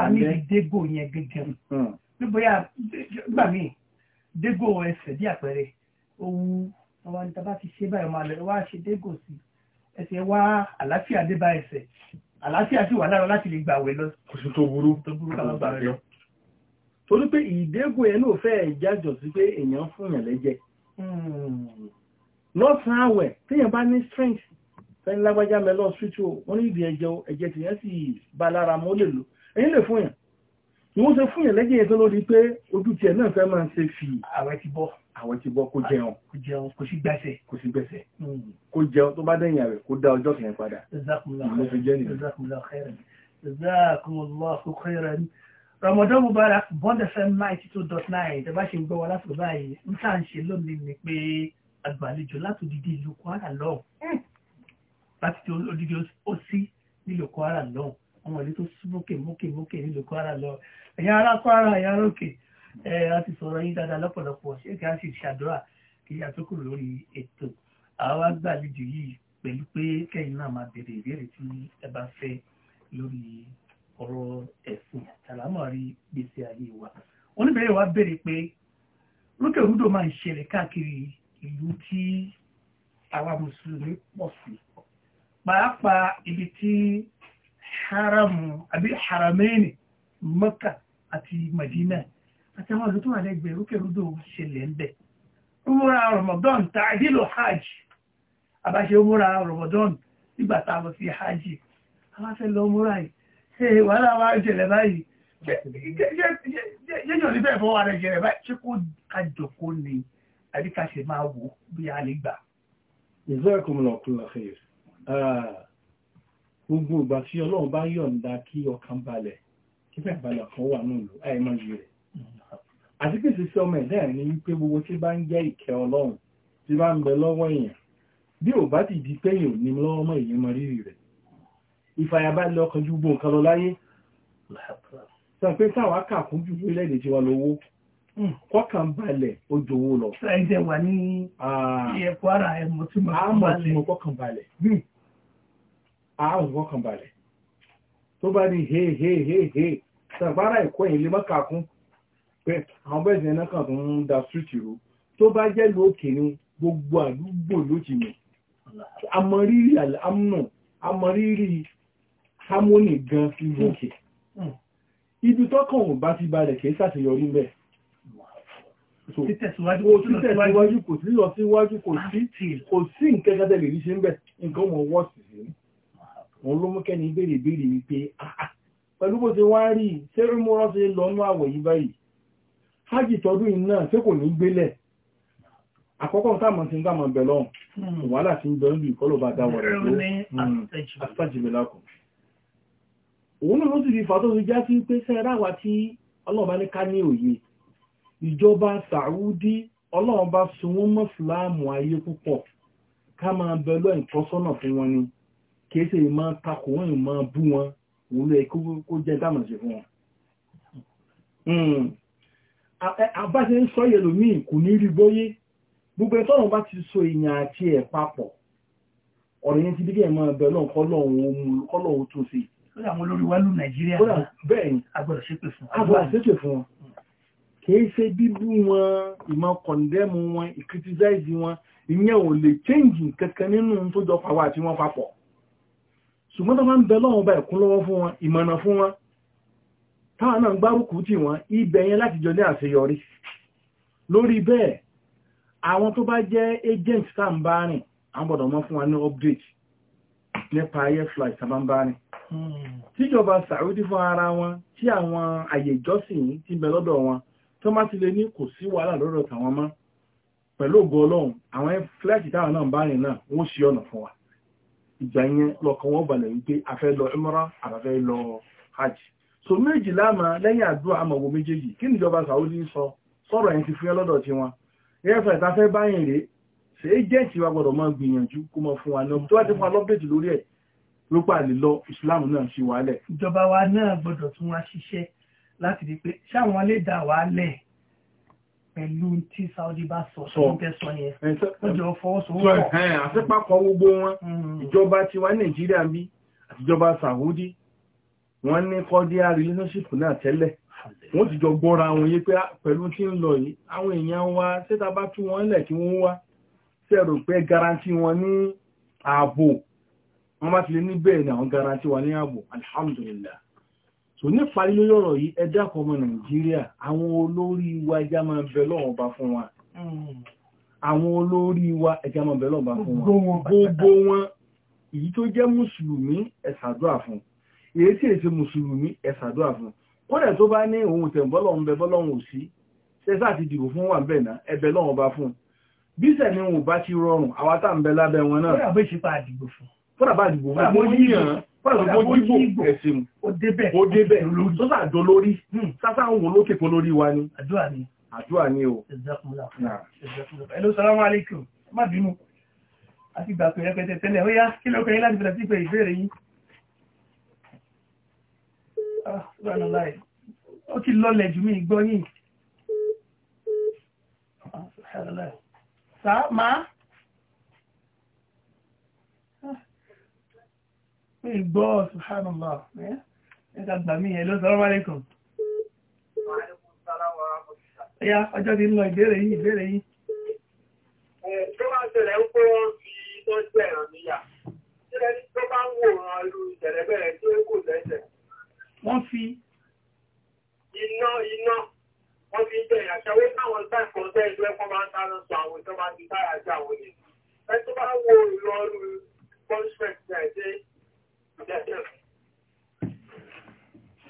àmì ìdégò yẹn gẹ́gẹ́ hmm. bí bóyá gbà mí dégò ẹsẹ̀ bí àpẹẹrẹ owó àwọn àti tàbá ti ṣe báyìí ọmọ àlọ́ wá ṣe dégò sí ẹsẹ̀ wá àlàáfíà dé bá ẹsẹ̀ àlàáfíà sì wà lára láti lè gbà wẹ̀ lọ. kò sí tó burú tó burú káwọn gbà wẹ̀ lọ. torí pé ìdégùn ẹ̀ náà fẹ́ẹ̀ jájọ sí pé èèyàn fún yàn lẹ́jẹ̀. Hmm. lọ́sàn-án àwẹ̀ téèyàn bá ní strength fẹ́ni lágbájá mẹ́lọ́ o wọ́n ní ìdí ẹ̀jẹ̀ ẹ̀jẹ̀ tèèyàn sì bá lára mọ́ lè lò èyí lè fún yàn. ìwọ́n ṣe fún yàn lẹ́jẹ̀ yẹn tó lórí pé ojú tiẹ̀ náà fẹ́ máa ṣe fi àwẹ̀ ti bọ́ àwọn ti bọ́ kó jẹun kò sí gbẹ́sẹ̀ kò sí gbẹ́sẹ̀ hmm. kó jẹun tó bá dẹ̀yìn rẹ̀ kó dá ọjọ́ kìíní padà mo fi jẹ́ nìyẹn. Ramadan Mubarak Bond FM ninety two dot nine tẹ́ bá ṣe ń gbọ́ wa lásìkò báyìí ń tà ń ṣe lónìí ni pé àgbàlejò láti odidi ìlú Kwara lọ́hùn láti ti odidi ó sí nílùú Kwara lọ́hùn àwọn ìlú tó súnmọ́kè mókè mókè nílùú Kwara lọ́hùn ẹ̀yà ará Kwara ẹ̀yà arókè ẹ a ti sọ̀rọ̀ yín dáadáa lọ́pọ̀lọpọ̀ ṣé kí a sì ṣàdúrà kí a tó kúrò lórí ètò àwa gbàlejò yìí pẹ̀lú pé kẹ́yìn náà máa bèrè ìbéèrè tí ẹ bá fẹ́ lórí ọ̀rọ̀ ẹ̀sìn àtàlámọ̀rí gbèsè ayé wa oníbẹ̀rẹ̀ wa bèrè pé lókè òrùdò máa ń ṣẹlẹ̀ káàkiri ìlú tí àwa mùsùlùmí pọ̀ sí pàápàá ibi tí haramu àbí haramẹ́ni mọ́kà àti madina àtàwọn ọdún tó wà lẹ́gbẹ̀ẹ́ rúkèrúdò ṣẹlẹ̀ ń bẹ̀. umura ramadan ta'dilu hajj àbáṣe umura ramadan nígbà tá a lọ sí hajj àwọn afẹ́ lọ umura yìí ṣe wàhálà wa jẹlẹ̀ báyìí jẹjọ ní bẹ́ẹ̀ fọwọ́ rẹ̀ jẹlẹ̀ báyìí ṣé kó ká jòkó ni àbí ká ṣe máa wò bí a lè gbà. jazakumullahu khair ah, gbogbo ìgbà tí ọlọ́run bá yọ̀ǹda kí ọkàn balẹ̀ kí fẹ́ balẹ̀ kan wà nílùú àìmọye rẹ̀ àti kìí sí ọmọ ẹ̀dá ẹ̀ ní wípé gbogbo tí bá ń jẹ́ ìkẹ́ ọlọ́run tí bá ń bẹ lọ́wọ́ èèyàn bí ò bá ti di pẹ́yìn ò ní lọ́wọ́ mọ́ èèyàn mọ rírì rẹ̀ ìfàyàbalẹ̀ ọkàn ju gbogbo nǹkan lọ láyé sọ pé táwa kà kún jù lórílẹ̀-èdè tiwa lówó hmm, kọ́kàn balẹ̀ ó jowó lọ. ẹ̀jẹ̀ wà ní ẹ̀kọ́ ara ẹ̀mọ́ tí mo kọ́kàn balẹ̀. Hmm. àmọ́ kọ́kàn balẹ̀ tó bá ní he he he he sàgbára ẹ̀kọ́ yìí lè má kà kún pé àwọn bẹ́ẹ̀ yẹn náà kàn tó ń da súrìtì ro tó bá jẹ́ lu òkè ni gbogbo àdúgbò ló ti mọ̀ àmọ̀rírì àmúnà àmọ̀rírì harmony gan fi lókè ibi tọ́kàn ò bá ti balẹ̀ kìí ṣàṣeyọrí mẹ́ títẹ̀síwájú kò sí lọ síwájú kò sí kò sí nǹkan kẹta lè rí ṣe ń bẹ̀ nǹkan mọ̀ wọ́ọ̀sì sí wọn ló mú kẹ́ni ìbéèrè ìbéèrè wípé ah, ah, pẹ̀lú bó ti wá rí ṣé rí mú rọ́ọ̀sì lọ́nú àwọ̀ yìí báyìí hajj tọdún iná tí kò ní gbélẹ̀ àkọ́kọ́ táàmà ti ń dáàmà bẹ̀lọ́ hmm. wàhálà ti ń bẹ̀rù ìkọlù bá dáwọ̀ rẹ̀ tó hmm. àtàjìmìlákùn òun náà ló ní ká ní Saudi ọlọ́ọ̀bá sun wọ́n mọ́ fìlàmù ayé púpọ̀ ká máa bẹ̀lọ́ ìtọ́sọ́nà fún wọn ni kìí ṣe ìmọ̀ takò wọn ìmọ̀ bú wọn òun lè kó jẹ́ dáàmà fún wọn hmm àbáṣe ń sọ ẹlòmíì kò ní rí bóyé gbogbo ẹ̀ tọ́nà bá ti so èèyàn àti ẹ̀ papọ̀ ọ̀rọ̀ yẹn ti dígẹ̀ máa bẹ̀ lọ́n kọ́lọ́hún tó ṣe. ó dà wọn lórí wálú nàìjíríà bẹ́ẹ̀ ni agbọ́dọ̀ ṣépè fún wọn. agbọ́dọ̀ ṣépè fún wọn. kìí ṣe bíbú wọn ìmọ̀ kọ̀ndẹ́mù wọn ìkíritisáìsì wọn ìyẹn ò lè chẹ́ǹgì kankan nínú tó jọ pàwọ́ àti wọn papọ̀. ṣùgbọ́n tó máa ń bẹ lọ́wọ́ bá ẹ̀kún lọ́wọ́ fún wọn ìmọ̀nà fún wọn táwọn náà ń gbárùkù tì wọ́n ibẹ̀ yẹn láti jọ ní àṣeyọrí lórí bẹ́ẹ̀ àwọn tó bá jẹ́ agent tá ń bá rìn àwọn gbọ́dọ̀ mọ́ fún wa ní update nípa air flight tá bá ń bá rìn hmm. tíjọba Saudi fún ara wọn tí àwọn àyè ìjọsìn ti bẹ lọ́dọ̀ wọn tó má ti lè ní kò sí wàhálà lọ́dọ̀ tàwọn mọ́ pẹ̀lú ògo ọlọ́run àwọn flight táwọn náà ń bá rìn náà wọ́n ṣe ọ̀nà fún wa ìjà yẹn lọ́kàn wọn balẹ̀ wípé a fẹ́ lọ umrah a fẹ́ lọ hajj so méjì láàmà lẹ́yìn àdúrà àmọ̀wò méjèèjì kí níjọba Saudi sọ sọ̀rọ̀ ẹ̀yìn ti fúyẹ́ lọ́dọ̀ tiwọn airfare ta fẹ́ báyìn rèé ṣe agent wa gbọ́dọ̀ máa gbìyànjú kó mọ fún wa náà tó wá ti fún alọ́pẹ̀tì lórí ẹ̀ lópa lè lọ Islam náà ṣe wálẹ̀. ìjọba wa náà gbọ́dọ̀ tún wá ṣiṣẹ́ láti rí pé ṣáwọn lè dà wá lẹ̀ pẹ̀lú tí Saudi bá sọ fún tẹ́sọ yẹn ọjọ́ fọwọ́sowọ́pọ̀. àṣepapọ̀ gbogbo wọn mm. ìjọba tiwa Nàìjíríà bí àtijọba Saudi wọ́n ní cordial relationship náà tẹ́lẹ̀ wọ́n ti jọ gbọ́ra wọn yé pé ah, pẹ̀lú tí ń lọ yìí àwọn èèyàn wa sétà bá tú wọn lẹ̀ kí wọ́n wá sẹ́rò pé garanti wọn ní ààbò wọ́n bá ti lè ní bẹ́ẹ̀ ni àwọn garanti wa ní ààbò alhamdulillah so nípa lílo ọ̀rọ̀ yìí ẹ dákọ̀ ọmọ nàìjíríà àwọn olórí wa ẹja máa bẹ lọ́wọ́ fún wa àwọn olórí wa ẹja máa bẹ lọ́wọ́ ọba fún wa gbogbo wọn èyí tó jẹ́ mùsùlùmí ẹ fún un èyí tí èsì mùsùlùmí ẹ ṣàdúrà fún kódà tó bá ní òun tẹ̀m̀bọ́lọ̀ ń bẹ bọ́lọ́hùn sí ṣẹ́sà ti dìbò fún wà bẹ́ẹ̀ náà ẹbẹ̀ lọ́wọ́ bá fún bí sẹ̀ni òun bá ti rọrùn àwa tá ń bẹ lábẹ́ wọn náà kódà bó ṣe pa àdìgbò fún kódà bá àdìgbò fún mo yíyan kódà bó dìbò ẹ̀sìn ó débẹ̀ ó débẹ̀ tó sàdó lórí hmm. sásà ń wo lókè kó lórí wa ni àdúrà ni àdúrà ni o hello salamu alaikum má bínú àti gbà pé rẹpẹtẹ tẹ́lẹ̀ ó yá kí lóko yín láti bẹ̀rẹ̀ sí pé ìbéèrè yín Ah, ó ti lọlẹ̀ jù mí gbọ́ yìí sáà máa mi gbọ́ subhanallah ẹ̀ka gbà mí ẹ̀ ló sọ́rọ̀ alaikum. ya ọjọ́ ti ń lọ ìbéèrè yìí ìbéèrè yìí.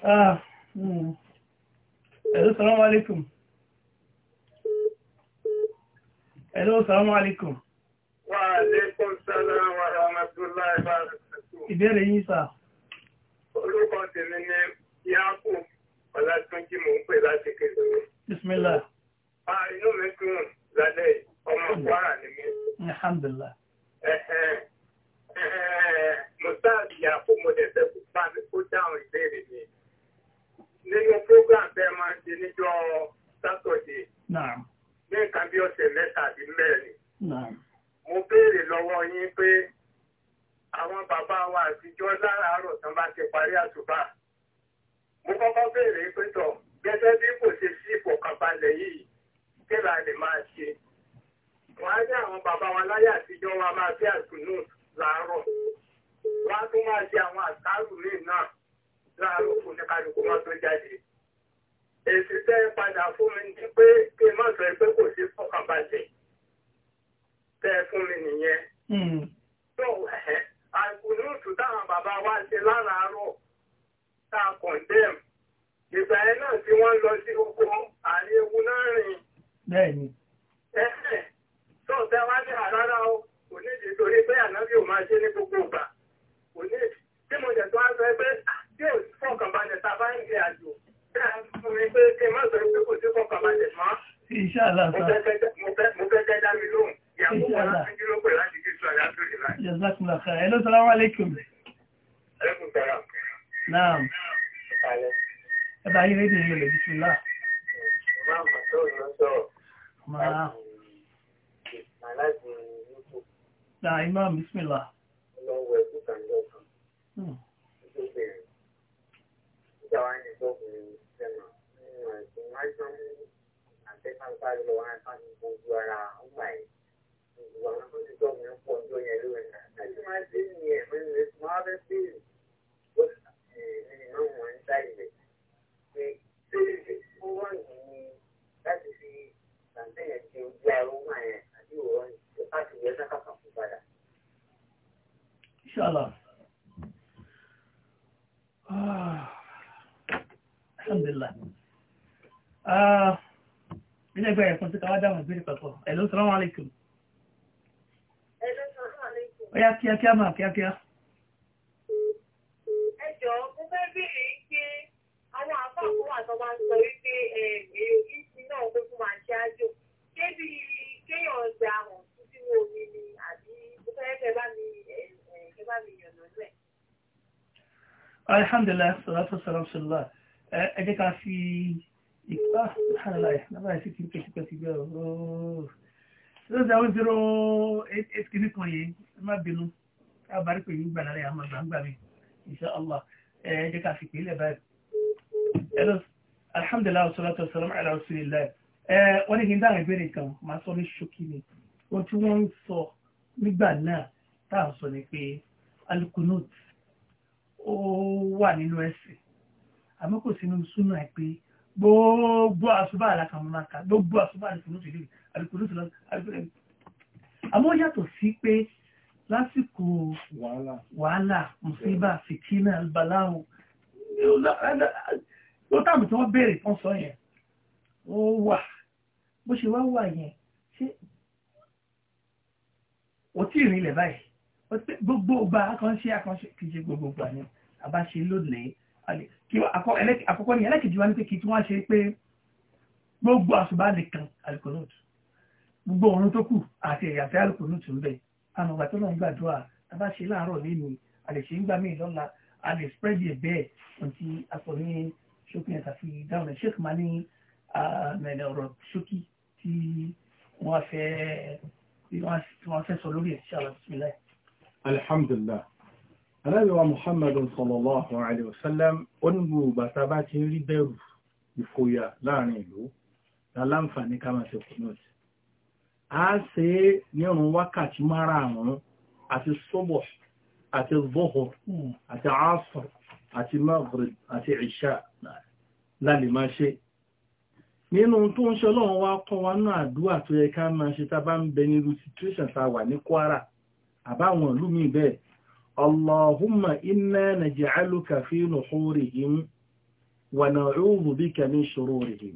Ah, hmm. Hello, salamu alaikum. Hello, salamu alaikum. Wa alaikum salam wa rahmatullahi wa barakatuh. Ìbéèrè yín sà. Orúkọ tèmi ni Yáàkù Ọlátúnjí mò ń pè láti kékeré. Bismillah. Ah, inú mi dùn lálẹ́ ọmọ Kwara ni mí. Alhamdulillah. inshallah ah, alhamdulillah ilé ẹgbẹ́ ẹ̀kùn tí káwá dáhùn ìbéèrè pẹ̀pọ̀ ẹ̀lú salamu alaikum ẹ̀lú salamu alaikum ó yá kíákíá máa kíákíá alhamdulilah salatu salam sallah ẹ jẹ́ ká fi ìpá àlàyé nàbàyè sí kìí pẹ̀sípẹ̀ sí bẹ́ẹ̀ ooo zero seven zero eight eight kìíní kan yìí ẹ má bínú ká bá rí pé yín gbàdá rẹ̀ àmọ́ gbàǹgbà mi insha allah ẹ jẹ́ ká fi pèlè báyìí hello alhamdulilah salatu salam ala rasulillah ẹ wọ́n ní kí n dáhùn ìbéèrè kan màá sọ ní ṣókí ni ohun tí wọ́n ń sọ nígbà náà tá sọ ni pé alukunut wà nínú ẹ̀sìn àmọ́ kò sínú súnà ẹ̀ pé gbogbo àṣùbà àlàkàmọ́nàkà gbogbo àṣùbà àlùkùnrin tìlú àlùkùnrin tìlú àlùkùnrin àmọ́ yàtọ̀ sí pé lásìkò wàhálà mùsíbà fìtínà albaláwo ó tàbí tí wọ́n béèrè tán sọ yẹn ó wà bó ṣe wá wà yẹn ṣé ó tí ìrìn ilẹ̀ báyìí gbogbo ọgbà akànṣe akànṣe kìí ṣe gbogbo ọgbà yẹn àbáṣe lónìí àkọ́kọ́ ni ẹlẹ́kejì wá ní pé kí tí wọ́n ṣe pé gbogbo àṣùbá lè kan alukonut gbogbo ọ̀run tó kù àti ẹ̀yà fẹ́ alukonut ń bẹ̀ àmọ̀gbà tó lọ́n gbàdúrà àbáṣe láàárọ̀ nínú àlèṣe ń gbà mí lọ́la àlè spread yẹ bẹ́ẹ̀ àti akọni ṣókí ẹ̀ka fi dáhùn ẹ̀ ṣéèkì máa ní mẹ̀lẹ̀ ọ̀rọ̀ ṣókí tí wọ́n fẹ́ sọ lórí ẹ̀ ṣáà lọ́sibílẹ̀. alábíwá muhammadu sallallahu alaihi wasallam ó ní gbogbo tá bá ti rí bẹ̀rù ìfòyà láàrin ìlú láláǹfààní ká máa a ṣe é nírun wákàtí márààrún àti sọ́bọ̀ àti zuhur àti asr àti maghrib àti isha lálẹ́ máa ṣe nínú tó ń ṣe wá kọ́ wa náà àdúrà tó yẹ ká máa ṣe tá ń bẹ nírú situation tá wà kwara àbáwọn ìlú اللهم إنا na في نحورهم ونعوذ بك من شرورهم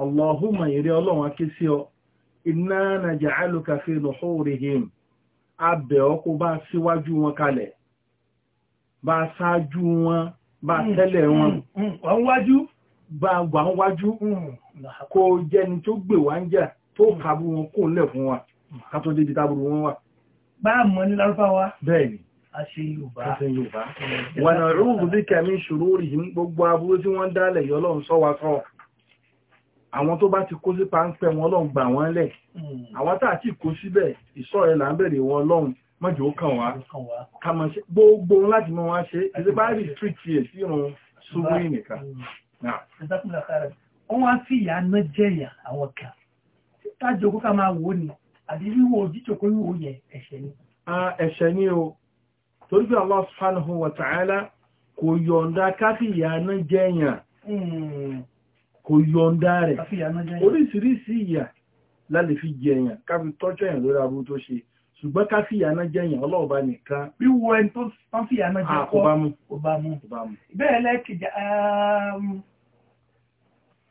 اللهم يري الله وكسيو إنا نجعلك في نحورهم abẹ̀ ọkọ̀ bá síwájú wọn kalẹ̀ bá sáájú wọn bá hmm. tẹ́lẹ̀ wọn wọ́n wájú ba wà ń wájú hmm. kò jẹni hmm. wọn kò lẹ̀ wa wọn wa. bá mọ̀ ní lárúbáwá bẹ́ẹ̀ni àṣẹ yorùbá wọ̀nà rúrù bí kẹmí ṣòro rí gbogbo aburú tí wọ́n dálẹ̀ yọ lọ́n sọ wa sọ àwọn tó bá ti kó sí páńpẹ́ wọn lọ́n gbà wọ́n lẹ̀ hmm. àwọn tá àti kó síbẹ̀ ìṣọ́ rẹ̀ là ń bẹ̀rẹ̀ wọn lọ́n mọ́jọ́ kàn wá kàmọ̀ ṣe gbogbo láti mọ́ wá ṣe ìdí bá rí street yẹ sí irun ṣubú nìkan. Hmm. wọ́n wá fìyà náà jẹ̀yà àwọn àbí wíwò jíjò pé wíwò yẹ ẹ̀ṣẹ̀ ni. ẹ̀ṣẹ̀ ni o torí bí Allah subhanahu wa ta'ala kò yọ̀ǹda káfíyà náà jẹ́yàn hmm. kò yọ̀ǹda rẹ̀ oríṣiríṣi ìyà lálẹ́ fi jẹyàn káfí tọ́jọ́ yàn lórí aburú tó ṣe ṣùgbọ́n káfíyà náà jẹyàn ọlọ́ọ̀bá nìkan wíwọ ẹni tó káfíyà náà jẹ́ kọ́ ọbámu bẹ́ẹ̀ lẹ́kẹ̀já um,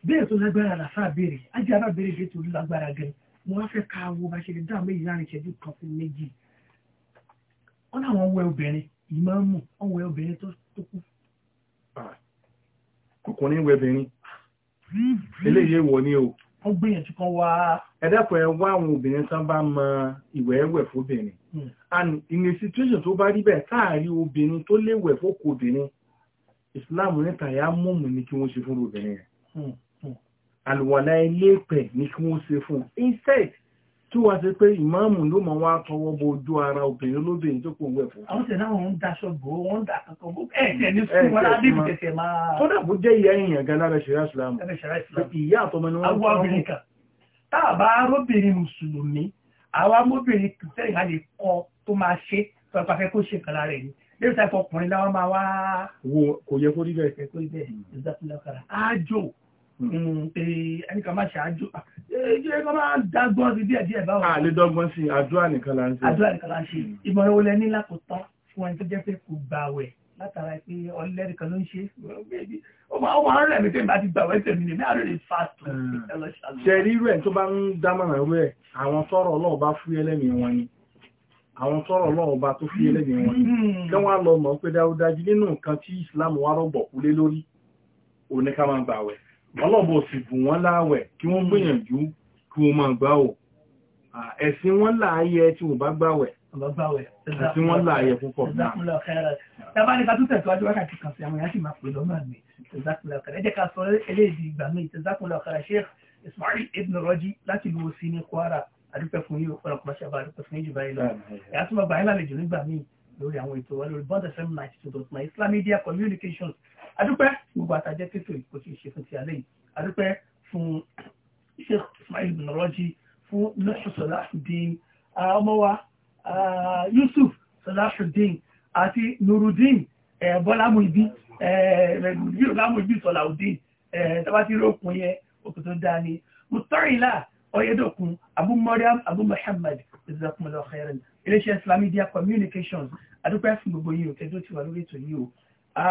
bẹ́ẹ̀ tó lágbára làfáà béèrè ajá bá béèrè ṣe lágbára gẹ̀ẹ́ mo wá fẹ́ ka wo bá ṣe lè dáhùn méjì láàrin ìṣẹ́jú kan sí méjì wọ́n láwọn wẹ obìnrin ìmáàmù wọ́n wẹ obìnrin tó kú. Ah, ọkùnrin wẹ obìnrin eléyìí wọ ni o. wọ́n gbìyànjú kan wá. ẹ̀dẹ́kun ẹ wá àwọn obìnrin tán bá mọ ìwẹ́wẹ̀ fóbìnrin hmm. and in a situation tó bá rí bẹ́ẹ̀ káàrí obìnrin tó léwẹ̀ fókò obìnrin Islam níta ya mọ̀mù ni kí wọ́n ṣe fún obìnrin yẹn. Hmm àlùwàlá elépẹ̀ ní kí wọ́n ṣe fún instead tí wọ́n ṣe pé ìmáàmù ló mọ̀ wá tọwọ́ bọ ojú ara obìnrin olóbìnrin tó kò wẹ̀ fún. àwọn tẹ̀lé àwọn ń daṣọ bò ó ń da kankan bó ní sùn wọn láti fi tẹ̀tẹ̀ máa. kódà bó jẹ́ ìyá èèyàn gan lára ṣẹ̀rá ìsìlámù. ìyá àtọmọ ni wọ́n ń tọ́ àwọn obìnrin kan tá a bá arábìnrin mùsùlùmí àwa mọ́bìnrin kìtẹ́rì á lè kọ́ tó máa ṣe pàpàfẹ́ kó ṣe kàlá rẹ̀ ni lẹ́yìn tá a fọkùnrin láwọn máa wo kò yẹ kó rí bẹ́ẹ̀. kò nínú hmm. hmm, pé ẹnìkan máa ṣáájú ẹjọ́ kan máa ah, dágbọ́n sí díẹ̀ díẹ̀ báwọn. àlè dọ́gbọ́n sí àdúrà nìkan la ń ṣe. àdúrà nìkan la ṣe ìmọ̀ràn olè ní lákòótán fún ẹni tó jẹ́ pé kò gbà wẹ̀ látara pé ọlẹ́rìí ló ń ṣe ó máa ń rẹ̀ mí pé ọlọ́bọ̀ sì bù wọ́n láwẹ̀ kí wọ́n hmm. gbìyànjú kí wọ́n máa gbáwò ẹ̀sìn wọn láàyè tí wọ́n bá gbáwẹ̀ ẹ̀sìn wọn láàyè púpọ̀ Ismail ibn Raji láti lu òsì ní Kwara adúpẹ́ fún yíò ọlọ́pàá bá adúpẹ́ fún ìjìbá ìlọ ẹ̀yà tó bá báyìí lálejò nígbà míì lórí àwọn ètò wa lórí bond fm 92.9 Islam Media Communications adúpẹ́ gbogbo àtàjẹ́ tètò ìkó tí ìṣe fún ti alẹ́ yìí adúpẹ́ fún Sheikh Ismail bin Raji fún Yusuf Salahuddin ọmọ Yusuf Salahuddin àti Nuruddin Bọ́lámùbí Bọ́lámùbí Salahuddin tabati rókun yẹn òkú tó dáa ni mutọ́rìnlá abu mariam abu muhammad ìzàkùnmọ̀lọ́ khairan iléeṣẹ́ islamic media communications adúpẹ́ fún gbogbo yìí òkè tó ti wà lórí ètò yìí o a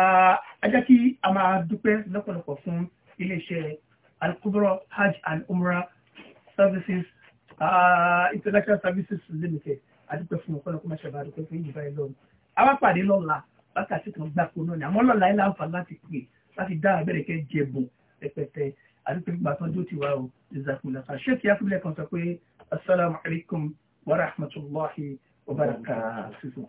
jẹ́ kí a máa dúpẹ́ lọ́pọ̀lọpọ̀ fún iléeṣẹ́ alkubra hajj and Umra services international services limited a dúpẹ́ fún ọ̀pọ̀lọpọ̀ máa ṣàbá dúpẹ́ fún ìjìbá ẹ̀ lọ́nà a wá pàdé lọ́la wákàtí kan gbáko náà ni àmọ́ lọ́la ẹ̀ láǹfà láti pè láti dá abẹ́rẹ́ kẹ́ jẹ̀bùn rẹpẹtẹ àdúpẹ́ gbà tán jó ti wá o ìzàkùnlá kan ṣé kí á fúnlẹ̀ kan sọ pé asalaamualeykum wa rahmatulahi wa barakatuh.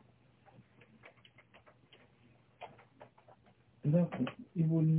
ìdákùn ibo ni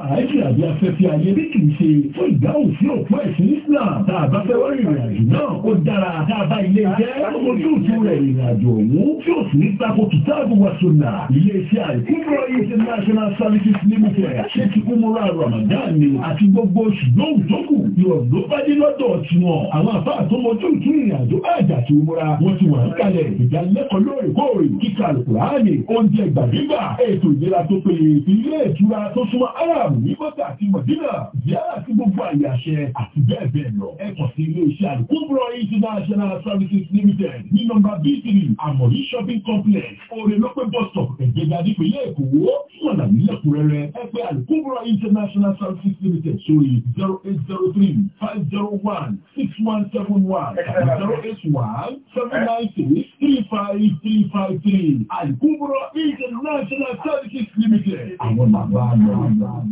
àìsí àbí afẹ́fẹ́ ayé bí kìí ṣe fún ìdáhùn sí òpó ẹ̀sìn Islam tá a bá fẹ́ wọ́n ìrìn àjò náà ó dára tá a bá ilé jẹ́ ojú òtún rẹ̀ ìrìn àjò òun tí ó sì ní tako kìtáàbù wa sunna iléeṣẹ́ àìkúrọ̀ international services limited ṣé ti umura Ramadan ni àti gbogbo oṣù lóhùn tó ló bá dé lọ́dọ̀ tiwọn àwọn àbá tó mojú òtún ìrìn àjò àjà tí umura wọn ti wà ń kalẹ̀ ìdánilẹ́kọ̀ọ́ àmìmọ́ta àti mọ̀dínà yálà sí gbogbo àyè àṣẹ àti bẹ́ẹ̀ bẹ́ẹ̀ lọ. ẹ kàn sí iléeṣẹ́ àdúgbò international services limited ní nọ́mbà b three àmọ̀rí shopping complex oore lọ́pẹ́ bus stop ẹ̀jẹ̀dá nípínlẹ̀ èkó fún àlàyé lẹ́kùnrẹ́rẹ́ ẹ pé àdúgbò international services limited sórí zero eight zero three five zero one six one seven one zero eight one seven nine six three five three five three àdúgbò international services limited àwọn bàbá àgbà.